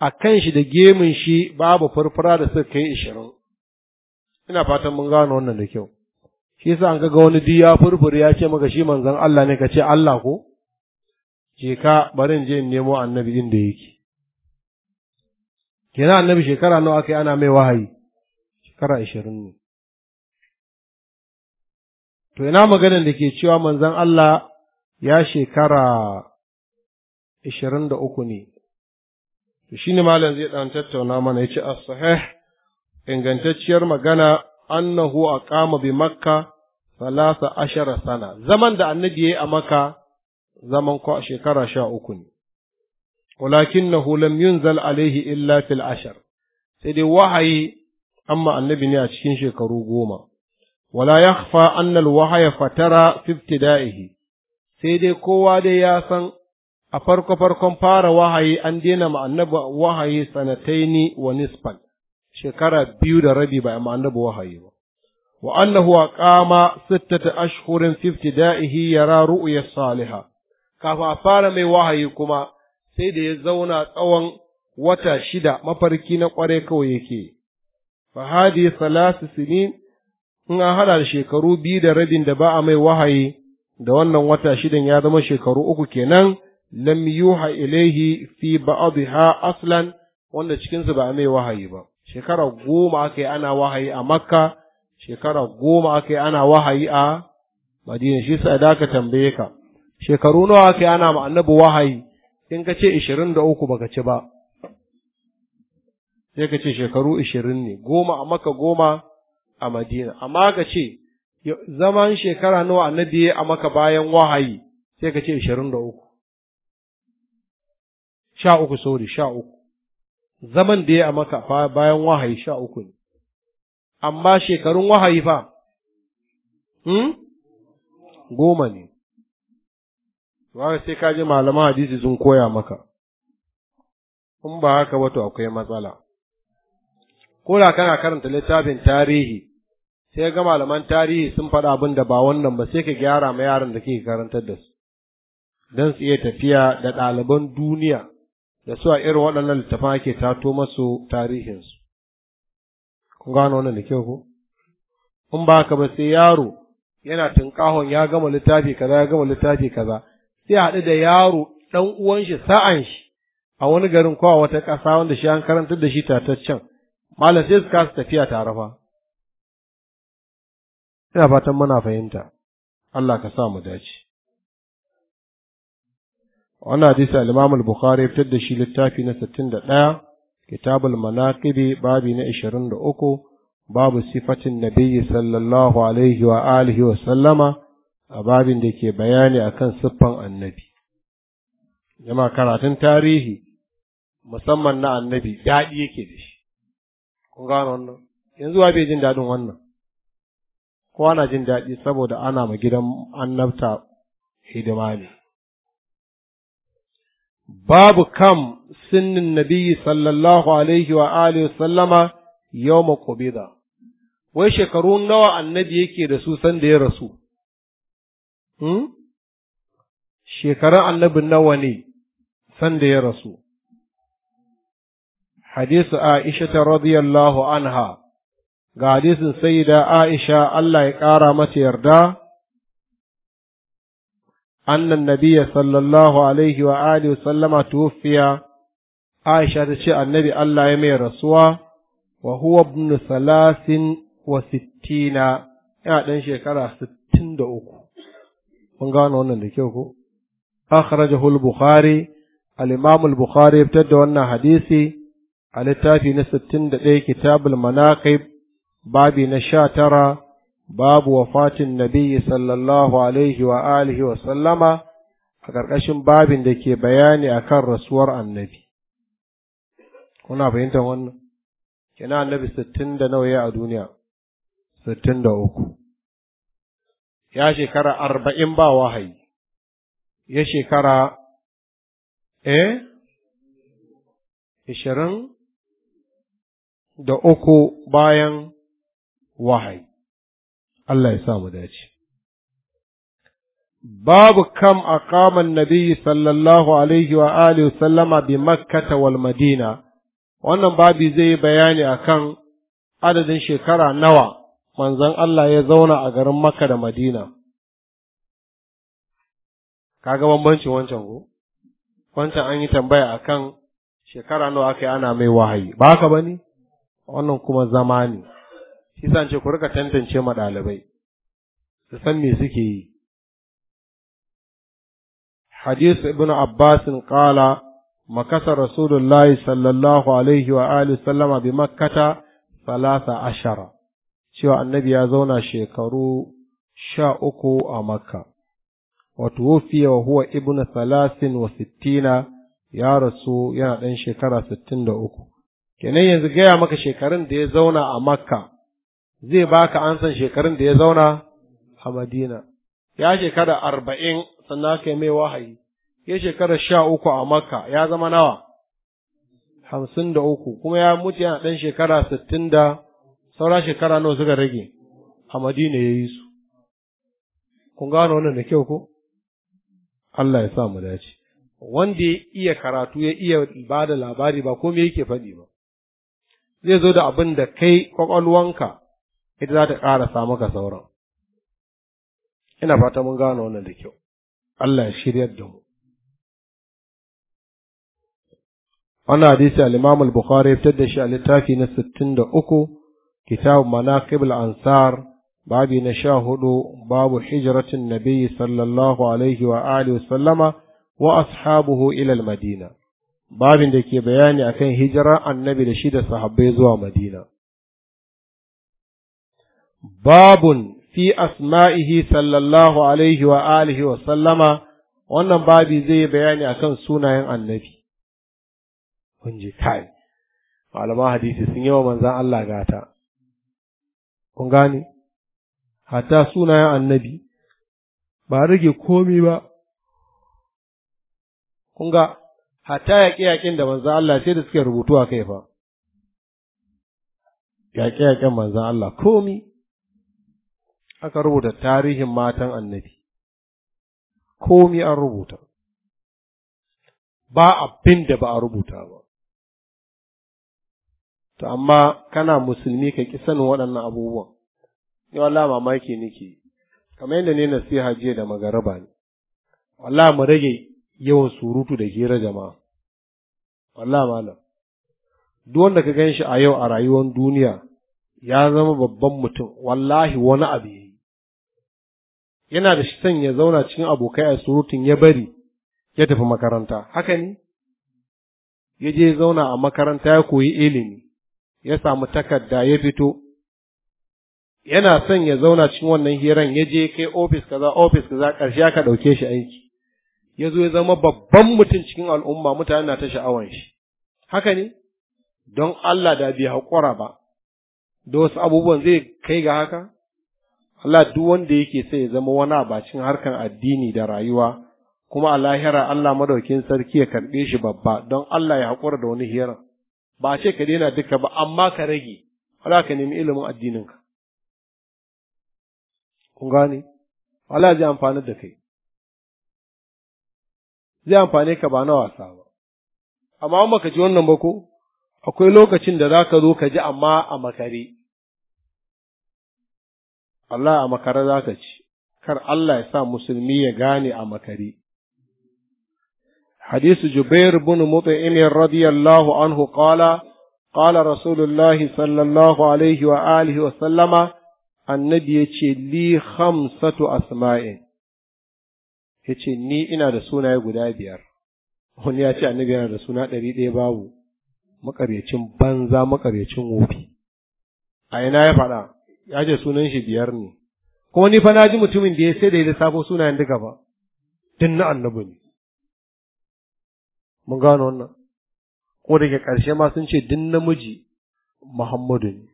a kan shi da gemun shi babu furfura da suka kai ishirin ina fatan mun gano wannan da kyau shi yasa an kaga wani diya furfur ya ce maka shi manzon Allah ne ka ce Allah ko je ka bari je in nemo annabi inda yake kina annabi shekara nawa aka yi ana mai wahayi shekara ashirin ne to ina maganar da ke cewa manzon Allah ya shekara ashirin da uku ne to shine malam zai dan tattauna mana ya as-sahih ingantacciyar magana annahu aqama bi makka salasa ashara sana zaman da annabi yayi a makka zaman ko a shekara sha uku ne walakinahu lam yunzal alaihi illa fil ashar sai dai wahayi amma annabi ne a cikin shekaru goma wala yakhfa anna al wahaya fatara fi ibtida'ihi sai dai kowa dai ya san a farko farkon fara wahayi an daina ma annabi wahayi sanataini wa nisfan shekara biyu da rabi ba amma annabi wahayi ba wa annahu aqama sittata ashhurin fi ibtida'ihi yara ru'ya salihah kafin a fara mai wahayi kuma sai da ya zauna tsawon wata shida mafarki na kwarai kawai yake fa hadi salasu sinin in an hada da shekaru biyu da rabin da ba a mai wahayi da wannan wata shidan ya zama shekaru uku kenan lam yuha ilaihi fi ba'dha aslan wanda cikin su ba mai wahayi ba shekara goma aka yi ana wahayi a makka shekara goma aka yi ana wahayi a madina shi sa da aka tambaye ka shekaru nawa aka yi ana ma annabi wahayi in ka ce ishirin da uku baka ci ba sai ka ce shekaru ishirin ne goma a makka goma a madina amma ka ce zaman shekara nawa annabi ya a maka bayan wahayi sai ka ce ishirin da uku sha uku sori sha uku zaman da ya a maka bayan wahayi sha uku ne amma shekarun wahayi fa hmm? goma ne wani sai ka ji malaman hadisi sun koya maka in ba haka ba akwai matsala kola kana karanta littafin tarihi sai ga malaman tarihi sun faɗa abin da ba wannan ba sai ka gyara ma yaran da ke karantar da su don su iya tafiya da ɗaliban duniya da su a irin waɗannan littafan ake tato masu tarihinsu kun gano wannan da kyau ko in ba haka ba sai yaro yana tunkahon ya gama littafi kaza ya gama littafi kaza sai haɗu da yaro ɗan uwan shi sa'an shi a wani garin kowa wata ƙasa wanda shi an karantar da shi tataccen malam sai su kasa tafiya tare fa ina fatan muna fahimta Allah ka sa mu dace wannan hadisi al-Imam al-Bukhari fitar da shi littafi na 61 al Manaqib babi na 23 babu sifatin nabiyyi sallallahu alaihi wa alihi wa sallama a babin da ke bayani akan siffan annabi jama karatun tarihi musamman na annabi daɗi yake da shi kun gano wannan yanzu wa bai jin daɗin wannan kowa na jin daɗi saboda ana ma gidan annabta hidima ne babu kam sinnin nabiyyi sallallahu alaihi wa alihi sallama yawma wai shekaru nawa annabi yake da su san da ya rasu hmm? shekarun annabi nawa ne san ya rasu hadisu aisha anha ga hadisin saida aisha Allah ya ƙara mata yarda أن النبي صلى الله عليه وآله وسلم توفي عائشة تشاء النبي الله يمي رسوله وهو ابن ثلاث وستين يعني دان شكرا ستين دا أكو mun gano wannan da kyau ko akhrajahu al-bukhari al-imam al fitar da wannan hadisi a littafi na 61 kitab al babi na tara. babu wafatin nabi sallallahu alaihi wa alihi wa sallama a ƙarƙashin babin da ke bayani akan rasuwar annabi kuna fahimtar wannan kina annabi sittin da nawa a duniya sittin da uku ya shekara arba'in ba wahayi ya shekara eh ishirin da uku bayan wahayi Allah ya sa mu dace babu kam aqama an-nabi sallallahu alaihi wa alihi sallama bi makkah wal madina wannan babi zai yi bayani akan adadin shekara nawa manzon Allah ya zauna a garin Makka da Madina kaga bambancin wancan ko wancan an yi tambaya akan shekara nawa aka yi ana mai wahayi ba haka bane wannan kuma zama ne shi ce ku rika tantance ma ɗalibai su san me suke yi حديث ibn abbas قال مكث رسول الله صلى الله عليه وآله bi Makkata salasa ashara. cewa annabi ya zauna shekaru sha uku a makka watuwufiya wa huwa ibn salasin wa sittina ya rasu yana ɗan shekara sittin da uku kenan yanzu gaya maka shekarun da ya zauna a makka zai baka an san shekarun da ya zauna a Madina. Ya shekara arba'in sannan ka yi mai wahayi, ya shekara sha uku a Makka ya zama nawa? Hamsin da uku, kuma ya mutu yana ɗan shekara sittin da saura shekara nawa suka rage, a Madina ya yi su. Kun gano wannan da kyau ko? Allah ya sa mu dace. Wanda ya iya karatu ya iya ba da labari ba komai yake faɗi ba. Zai zo da abin da kai ƙwaƙwalwanka ita za ta ƙarasa maka sauran ina fata mun gano wannan da kyau Allah ya shiryar da mu wannan hadisi al-Imam al-Bukhari ya fitar da shi a littafi na uku, kitab manaqib al-ansar babi na sha hudu babu hijratin nabi sallallahu alaihi wa alihi sallama wa ashabuhu ila madina babin da ke bayani akan hijira annabi da shi da sahabbai zuwa madina babun في asma'ihi sallallahu alaihi wa alihi wa wannan babi zai yi bayani akan sunayen annabi kun ji kai malaman hadisi sun yi wa manzan Allah gata kun gani hatta sunayen annabi ba rage komi ba kun ga hatta yaƙe-yaƙen da manzan Allah sai da suke rubutu a kai fa yaƙe-yaƙen manzan Allah komi aka rubuta tarihin matan annabi komi an rubuta ba abin da ba a rubuta ba to amma kana musulmi ka ki sanin waɗannan abubuwan yau Allah mamaki nake kamar yadda ne nasiha jiya da magaraba ne Allah mu rage yawan surutu da hira jama'a Allah malam duk wanda ka gan shi a yau a rayuwar duniya ya zama babban mutum wallahi wani abu yana da shi ya zauna cikin abokai a surutun ya bari ya tafi makaranta haka ne ya je zauna a makaranta ya koyi ilimi ya samu takarda ya fito yana son ya zauna cikin wannan hiran ya je kai ofis kaza ofis kaza ƙarshe aka ɗauke shi aiki ya zo ya zama babban mutum cikin al'umma mutane na ta sha'awan shi haka ne don Allah da bai haƙura ba da wasu abubuwan zai kai ga haka Allah duk wanda yake sai ya zama wani abacin harkan addini da rayuwa kuma a lahira Allah madaukin sarki ya karɓe shi babba don Allah ya haƙura da wani hirar ba ce ka daina duka ba amma ka rage Allah ka nemi ilimin addininka kun gane Allah zai amfani da kai zai amfane ka ba na wasa ba amma an ka ji wannan ba ko akwai lokacin da zaka zo ka ji amma a makare Allah a makare za ka ci, kar Allah ya sa musulmi ya gane a makare. حديث جبير بن مطعم رضي الله عنه قال قال رسول الله wa الله عليه وآله وسلم النبي يتشي لي asma'in yace ni ina da sunaye guda biyar wani ya ce annabi yana da suna ɗari ɗaya babu makaryacin banza makaryacin wofi a ina ya faɗa ya ce sunan shi biyar ne kuma ni fa na ji mutumin da ya sai da ya sabo sunayen duka ba din na annabi ne mun gano wannan ko daga ƙarshe ma sun ce din namiji muhammadu ne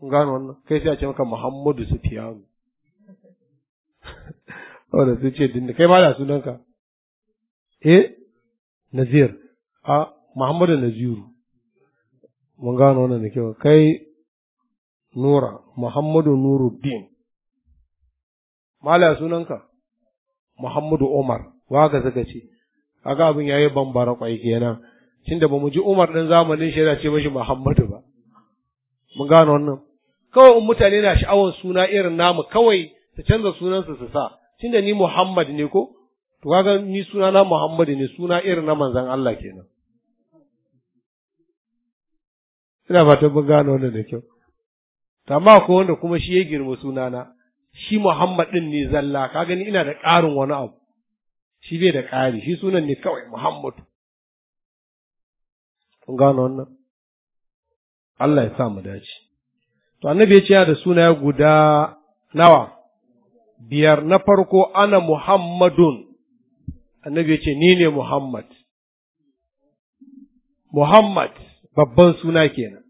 mun gano wannan kai sai a ce maka muhammadu sufiyanu wanda [LAUGHS] sun ce din kai ma da sunanka eh nazir a ah, muhammadu naziru mun gano wannan da kyau kai Nura, Muhammadu Nuruddin. Mala sunanka? Muhammadu Umar, wa gaza ce, kaga abin yayi bambara kwai kenan, tunda ba mu ji Umar ɗin zamanin shi yana ce mashi Muhammadu ba. Mun gano wannan. Kawai in mutane na sha'awar suna irin namu kawai su canza sunansu su sa, tunda ni Muhammad ne ko? To kaga ni suna na Muhammadu ne suna irin na manzon Allah kenan. Ina fatan mun gane wannan da kyau. ma ko wanda kuma shi ya girma sunana shi Muhammad din ne zalla ka gani ina da ƙarin wani abu shi bai da ƙari shi sunan ne kawai Muhammad kun gano wannan Allah ya sa mu dace to annabi ya ce da suna guda nawa biyar na farko ana Muhammadun annabi ya ce ni ne Muhammad Muhammad babban suna kenan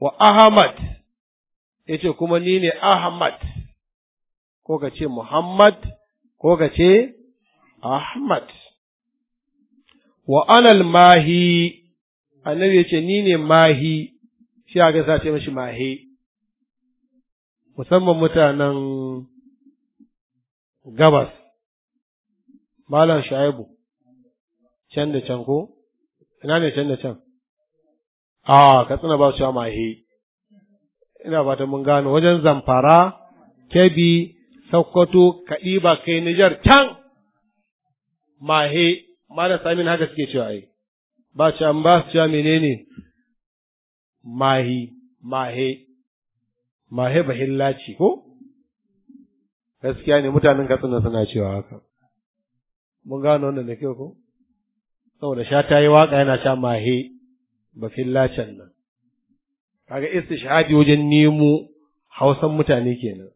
wa Ahmad Ya ce kuma ni ne Ahmad ko ka ce Muhammad ko ka ce Ahmad wa anal mahi annabi yace ni ne mahi shi aka ce mashi mahi musamman mutanen gabas malam shaibu can da can ko ina ne can da can a ah, katsina ba su mahi ina ba ta mun gano wajen zamfara kebi sokoto kaɗiba kai nijar can mahe mana samin haka suke cewa ai ba ci an ba su cewa menene mahi mahe mahe ba hillaci ko gaskiya ne mutanen katsina suna cewa haka mun gano wannan da kyau ko saboda sha ta yi waka yana sha mahe Ba can nan kaga istishhadi wajen nemo hausan mutane kenan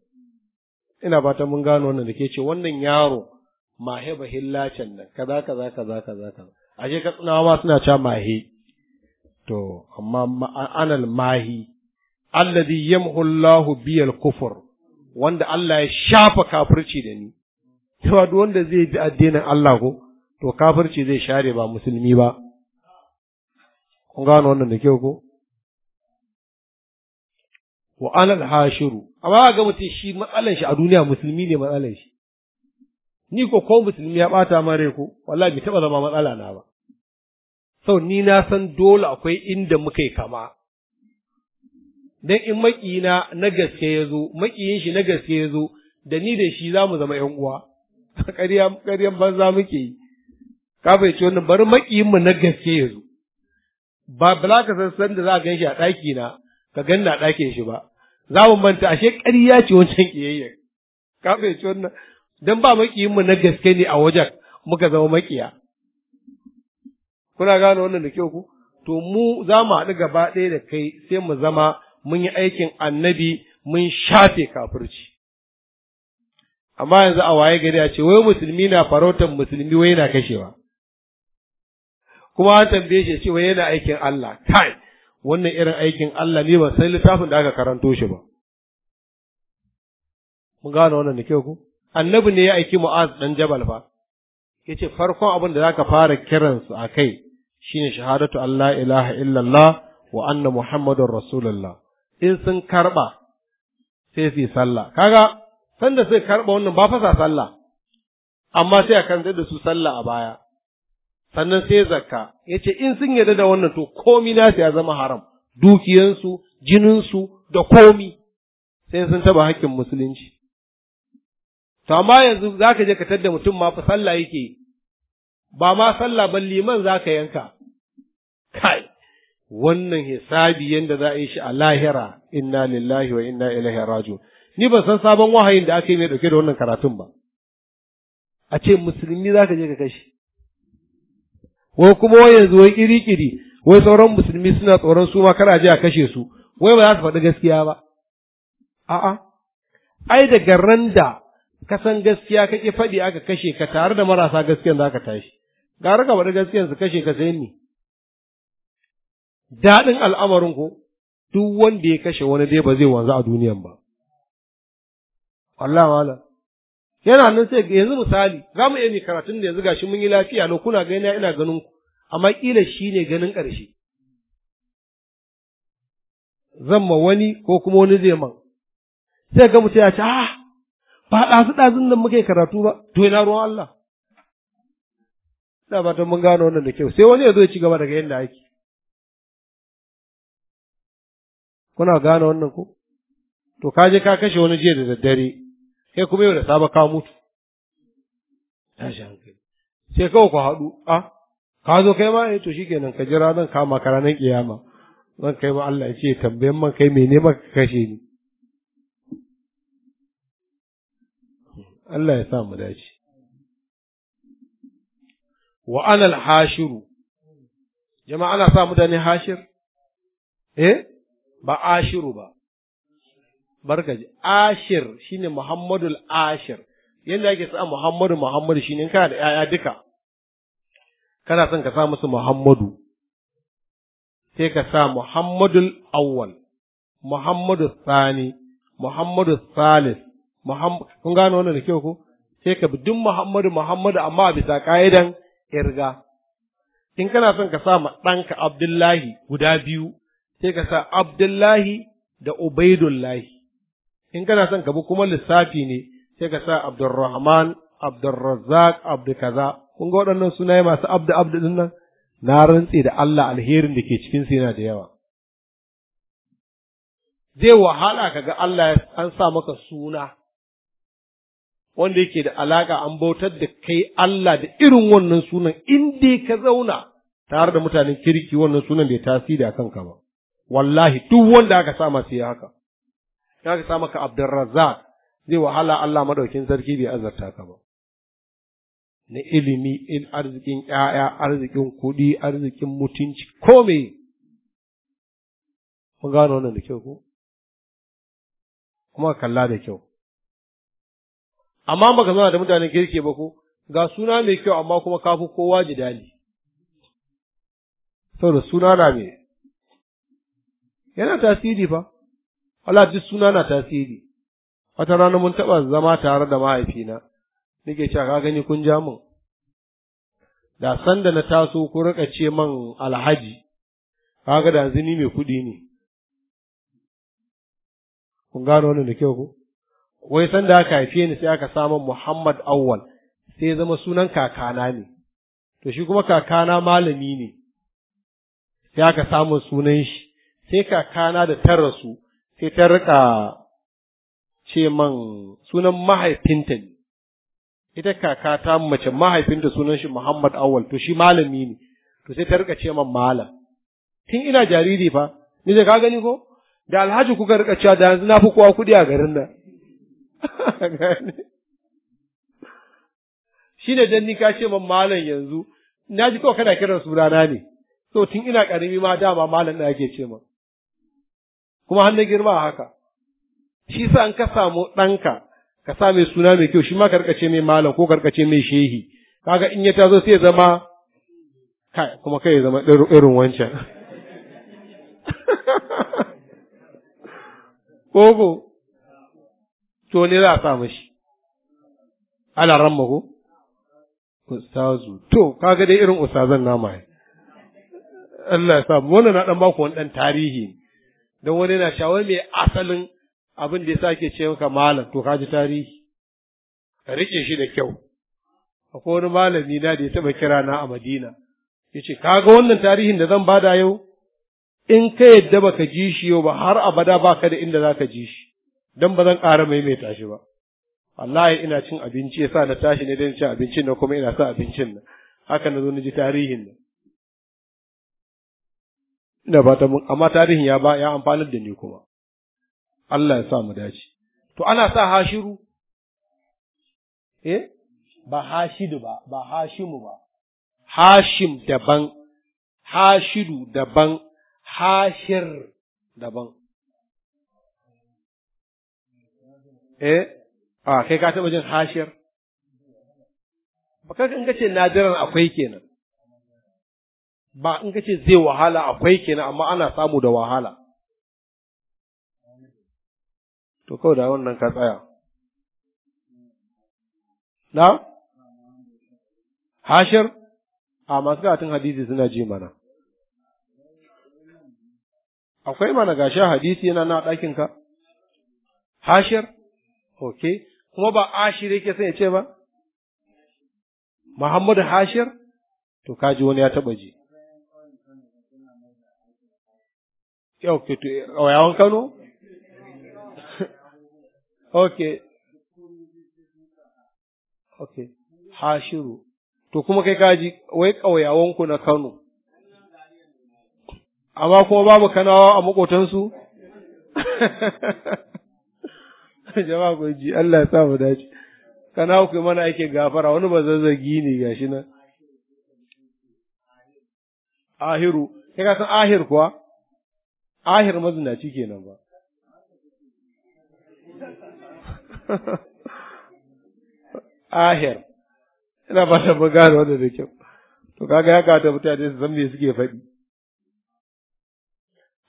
ina fata mun gano wannan da ke ce wannan yaro mahe bahillacin nan kaza kaza kaza kaza kaza ka ma suna cewa mahe to amma anal mahi alladhi yamhu Allahu biyal kufur wanda Allah ya shafa kafirci da ni cewa duk wanda zai bi addinin Allah ko to kafirci zai share ba musulmi ba kun gano wannan da ke ko wa anal hashiru amma ga mutum shi matsalan shi a duniya musulmi ne matsalan shi ni ko ko musulmi ya bata rai ko wallahi bai taba zama matsala na ba sau ni na san dole akwai inda muka yi kama dan in maƙina na gaske ya zo maƙiyin shi na gaske ya zo da ni da shi za zama ƴan uwa [LAUGHS] ƙaryan banza muke yi ka fahimci wannan bari maƙiyin mu na gaske ya zo ba bala ka san sanda za a gan shi a ɗaki na ka gan na ɗakin shi ba za mu manta ashe ƙarya ce wancan ƙiyayya ka fahimci wannan dan ba makiyinmu na gaske ne a wajen muka zama maƙiya. kuna gane wannan da kyau ku to mu za mu haɗu gaba ɗaya da kai sai mu zama mun yi aikin annabi mun shafe kafirci amma yanzu a waye gari a ce wai musulmi na farautar musulmi wai yana kashewa kuma an tambaye shi ce wai yana aikin Allah kai wannan irin aikin Allah ne ba sai littafin da aka karanto shi ba mun gane wannan da kyau ku annabi ne ya aiki mu'az dan jabal fa ce farkon abin da za ka fara kiransu a kai shi shine shahadatu Allah ilaha illallah wa anna muhammadun rasulullah in sun karɓa, sai su yi sallah kaga sanda sai karɓa wannan ba fasa sallah amma sai a kan da su sallah a baya sannan sai zakka ce in sun yarda da wannan to komi nasu ya zama haram dukiyansu jininsu da komi sai sun taba hakkin musulunci to amma yanzu za ka je ka tadda mutum ma fa sallah yake ba ma sallah ban liman za ka yanka kai wannan hisabi yanda za a yi shi a lahira inna lillahi wa inna ilaihi raji'un ni ban san sabon wahayin da aka yi mai dauke da wannan karatun ba a ce musulmi za ka je ka kashi wai kuma wai yanzu wai kiri-kiri wai sauran musulmi suna tsoron su ma kar a je a kashe su wai ba za su faɗi gaskiya ba a'a ai daga ran da ka san gaskiya kake faɗi aka kashe ka tare da marasa gaskiyan za ka tashi gara ka faɗi gaskiyan su kashe ka sai ni daɗin al'amarin ko duk wanda ya kashe wani dai ba zai wanzu a duniyan ba Allah malam yana nan sai yanzu misali za mu iya mai karatun da yanzu gashi mun yi lafiya lau kuna gani ina ganin ku amma kila shi ne ganin ƙarshe zan ma wani ko kuma wani zai man sai ga mutum ya ce ah ba ɗazu ɗazun nan muke karatu ba to ina ruwan Allah da fatan mun gano wannan da kyau sai wani ya zo ya ci gaba daga yadda ake kuna gane wannan ko to ka je ka kashe wani jiya da daddare kai kuma yau da saba ka mutu shi hankali sai kawai ku haɗu a ah, ka zo kai ma ya eh, to shi kenan ka jira nan ka maka ranar kiyama zan kai ma Allah ya ce tambayan man kai mene maka kashe ni Allah ya sa mu dace wa anal hashiru jama'a ana sa mutane hashir eh ba ashiru ba barkaji ashir shine muhammadul ashir yanda ake sa muhammadu muhammadu shine kana da yaya duka kana son ka sa musu muhammadu sai ka sa muhammadul awwal muhammadu sani muhammadu salis Muhammadu, kun gano wannan da kyau ko sai ka bi duk muhammadu muhammadu amma bisa ka'idan irga in kana son ka sa ma ɗanka abdullahi guda biyu sai ka sa abdullahi da ubaidullahi in kana son ka bi kuma lissafi ne sai ka sa Abdulrahman Abdulrazzaq Abdul kaza kun ga waɗannan sunaye masu abdu abdu din nan na rantse da Allah alherin da ke cikin yana da yawa zai wahala ka ga Allah an sa maka suna wanda yake da alaka an bautar da kai Allah da irin wannan sunan in dai ka zauna tare da mutanen kirki wannan sunan bai tasiri a kanka ba wallahi duk wanda aka sa masu yi haka ya ka sa maka Abdurrazzaq zai wahala Allah madaukin sarki bai azarta ka ba na ilimi in arzikin ƴaƴa arzikin kuɗi arzikin mutunci ko me mun gano wannan da kyau ko kuma kalla da kyau amma baka zama da mutanen kirki ba ko ga suna mai kyau amma kuma kafi kowa ji jidali saboda suna na me yana tasiri fa wala duk suna na tasiri wata rana mun taɓa zama tare da mahaifina nake cewa ka gani kun ja mun da sanda na taso ku rika ce man alhaji kaga da yanzu ni mai kuɗi ne kun gano wannan da kyau ko wai sanda aka haife ni sai aka samu Muhammad Awwal sai ya zama sunan kakana ne to shi kuma kakana malami ne sai aka samu sunan shi sai kakana da tarasu rasu sai ta rika ce man sunan mahaifinta ne ita kaka ta mace mahaifinta sunan shi Muhammad Awal to shi malami ne to sai ta rika ce man malam tun ina jariri fa ni ka gani ko da alhaji kuka rika cewa da yanzu na fi kowa kuɗi a garin nan [LAUGHS] shi ne dan ni ka ce man malam yanzu na ji kawai kana kiran sunana ne so tun ina ƙarami ma dama malam na ake ce man kuma har na girma haka shi sa an ka samu ɗanka ka sa mai suna mai kyau shi ma karkace mai malam ko karkace mai shehi kaga in ya tazo sai ya zama kai kuma kai ya zama irin wancan [LAUGHS] koko to ne za a sa mashi ala ramma ko ustazu to kaga dai irin ustazan nama Allah ya sa wannan na dan baku wani ɗan tarihi don wani na cewa mai asalin abin da ya sake ce maka malam to kaji tarihi ka rike shi da kyau akwai wani malami na da ya taba kira na a Madina yace kaga wannan tarihin da zan bada yau in ka yadda baka ji shi yau ba har abada baka da inda zaka ji shi dan ba zan ƙara maimaita shi ba wallahi ina cin abinci yasa na tashi ne dan cin abincin na kuma ina sa abincin na. haka na zo na ji tarihin na. ina ba ta mun amma tarihin ya ba ya amfanar da ni kuma Allah ya sa mu dace to ana sa hashiru eh ba hashidu ba ba hashimu ba hashim daban hashidu daban hashir daban eh a ah, kai ka taɓa jin hashir ba kai ka ce nadiran akwai kenan ba in ka ce zai wahala akwai kenan amma ana samu da wahala to kawai da wannan ka tsaya na hashir a masu gatin hadisi suna ji mana akwai mana gashi hadisi yana na ɗakin ka hashir ok kuma ba ashir yake son ya ce ba muhammadu hashir to kaji wani ya taɓa ji Okay, to Oyawan Kano? Okay. Okay. Hashiru. To kuma kai kaji, wai ƙauyawanku na Kano. Amma kuma babu kanawa a maƙotansu? [LAUGHS] Jama'a ku ji, Allah ya sa mu dace. Kana ku mana ake gafara wani ba zazzagi ne gashi nan. Ahiru, kai ka san ahir kuwa? ahir mazinaci kenan ba ahir ina ba ta gane wanda da kyau to kaga ya kata mutane su san suke faɗi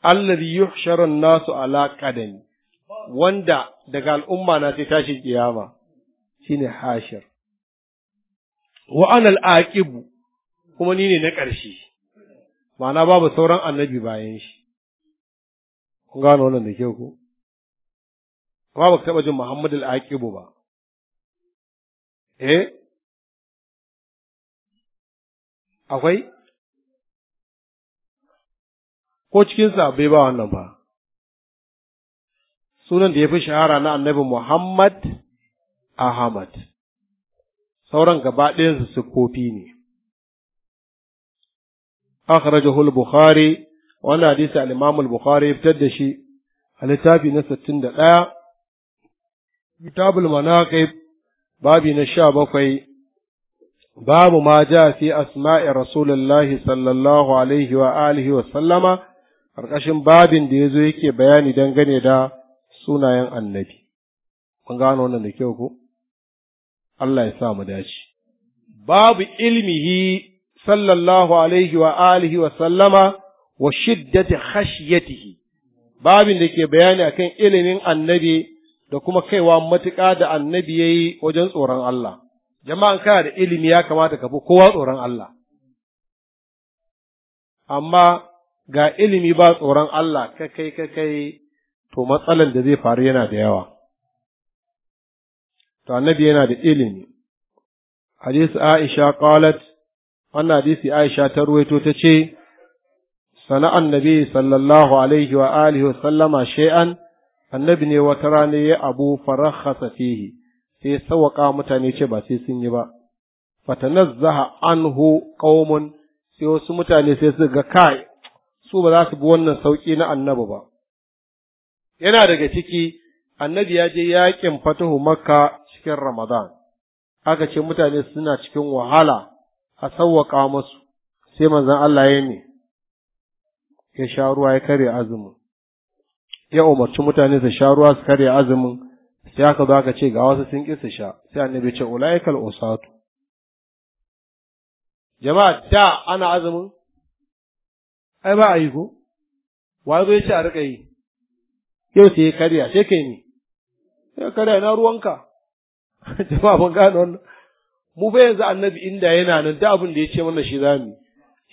allazi sharon nasu ala qadami wanda daga al'umma na sai tashi kiyama shine hashir wa ana kuma ni ne na ƙarshe ma'ana babu sauran annabi bayan shi kun gano wannan da ke ku. kuma ba taɓa jin Muhammadu al-Aqibu ba eh akwai ko cikin bai ba wannan ba sunan da ya fi shahara na annabi Muhammad Ahmad sauran gaba ɗayansu siffofi ne akhrajahu al-Bukhari wannan hadisi al-Imam al-Bukhari ya fitar da shi a littafi na 61 Kitabul Manaqib babi na 17 babu ma ja fi asma'i Rasulullahi sallallahu alaihi wa alihi wa sallama karkashin babin da yazo yake bayani dangane da sunayen annabi kun gano wannan da kyau ko Allah ya sa mu dace babu ilmihi sallallahu alaihi wa alihi wa sallama wa shiddati khashyatihi babin da ke bayani akan ilimin annabi da kuma kaiwa matuƙa da annabi yayi wajen tsoron Allah jama'an kana da ilimi ya kamata ka fi kowa tsoron Allah amma ga ilimi ba tsoron Allah ka kai ka kai to matsalan da zai faru yana da yawa to annabi yana da ilimi hadisi Aisha qalat wannan hadisi Aisha ta ruwaito ta ce annabi sallallahu alaihi wa عليه wa sallama shay'an annabi ne wata rana ya abu farahasa fihi sai sawaka mutane ce ba sai sun yi ba fatanazzaha anhu qaumun sai wasu mutane sai su ga kai su ba za su bi wannan sauki na annabi ba yana daga ciki annabi ya je yakin fatahu makka cikin ramadan aka ce mutane suna cikin wahala a sawaka musu sai manzon Allah ya ne ya sha ruwa ya karya azumin ya umarci mutane su sha ruwa su karya azumin sai aka zo aka ce ga wasu sun ƙi su sha sai annabi ce ulaikal usatu jama'a da ana azumin ai ba a yi ko wa zo ya ce a riƙa yi yau sai ya karya sai kai ne sai karya na ruwanka [LAUGHS] jama'a ban gane wannan mu fa yanzu annabi inda yana nan da abin da ya ce mana shi zamu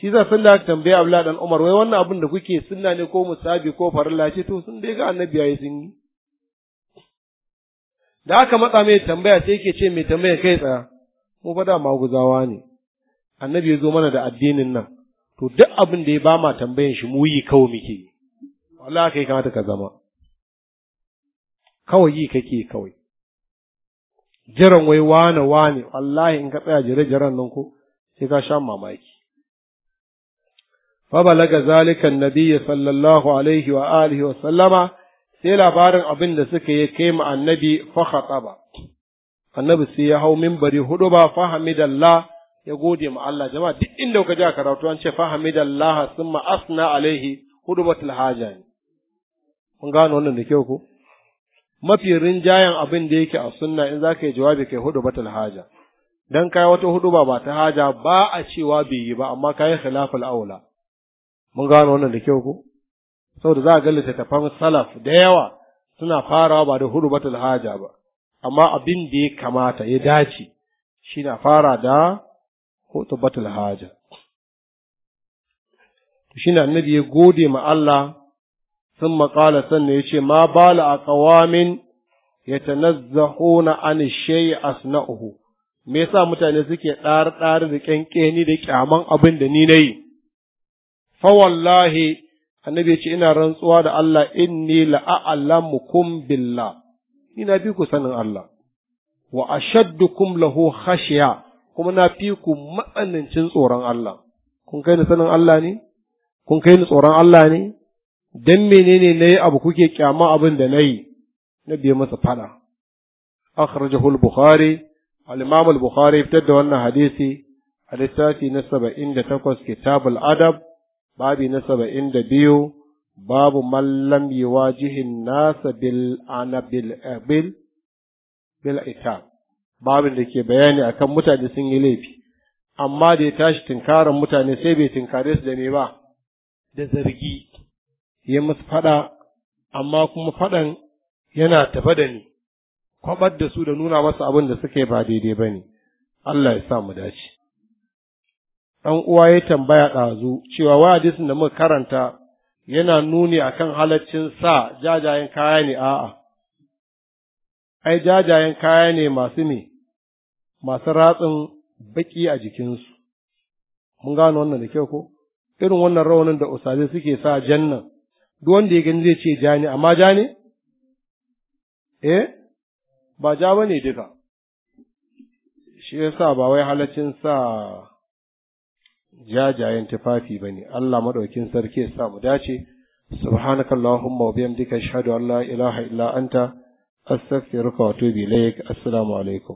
shi zai sun da tambaya abu dan umar wai wannan abin da kuke sunna ne ko musabi ko farilla ce to sun dai ga annabi yayi sun yi da aka matsa mai tambaya sai yake ce mai tambaya kai tsaya mu fa da maguzawa ne annabi ya zo mana da addinin nan to duk abin da ya ba ma tambayan shi mu yi kawai muke yi wallahi kai kamata ka zama kawai yi kake kawai jiran wai wane wane wallahi in ka tsaya jire jiran nan ko sai ka sha mamaki فبلغ ذلك النبي صلى الله عليه وآله وسلم sai labarin abin da suka yi kai ma annabi fakhataba annabi sai ya hau minbari hudu ba fahamidallah ya gode ma Allah jama'a duk inda kuka ji a karatu an ce fahamidallah summa asna alaihi hudu batul haja ne kun gano wannan da kyau ku. mafi rinjayen abin da yake a sunna in zaka yi jawabi kai hudu batul haja dan kai wata hudu ba ba ta haja ba a cewa bai yi ba amma kai khilaful aula mun gano wannan da kyau ko saboda za a ga littattafan salaf da yawa suna farawa ba da hurubatul haja ba amma abin da ya kamata ya dace shi na fara da hudu hutubatul haja shi na annabi ya gode ma Allah sun maƙala sannan ya ce ma bala a ƙawamin ya na an shayi asna'uhu me yasa mutane suke ɗar ɗar da ƙyanƙeni da ƙyaman abin da ni nayi? fa wallahi annabi ce ina rantsuwa da Allah inni la'alamukum billah ni na fi ku sanin Allah wa ashaddukum lahu khashiya kuma na fi ku matsanancin tsoron Allah kun kai ni sanin Allah ne kun kai ni tsoron Allah ne dan menene nayi abu kuke kyama abin da nayi na biye masa fada akhrajahu al-bukhari al-imam al-bukhari fitar da wannan hadisi a littafi na 78 kitab al-adab babi na saba'in da biyu babu mallam yi wajihin nasa bil ana bil eh, bil bil ita babin da ke bayani akan mutane sun yi laifi amma da ya tashi tinkarar mutane sai bai tinkare su da me ba da zargi ya musu fada amma kuma faɗan yana tafa da ni kwabar da su da nuna masa abin da suka yi ba daidai ba ne Allah ya sa mu dace ɗan uwa ya tambaya ɗazu cewa wa hadisin da muka karanta yana nuni a kan halaccin sa jajayen kaya ne a'a ai jajayen kaya ne masu ne masu ratsin baki a jikinsu mun gano wannan da kyau ko irin wannan raunin da usabe suke sa jannan duk wanda ya gani zai ce ja ne amma ja ne eh ba ja ba ne duka shi ya sa ba wai halaccin sa jajayen tufafi ba ne Allah maɗaukin sarki ya sa mu dace subhanaka allahumma wa bihamdika ashhadu an la ilaha illa anta astaghfiruka wa atubu ilaik assalamu alaikum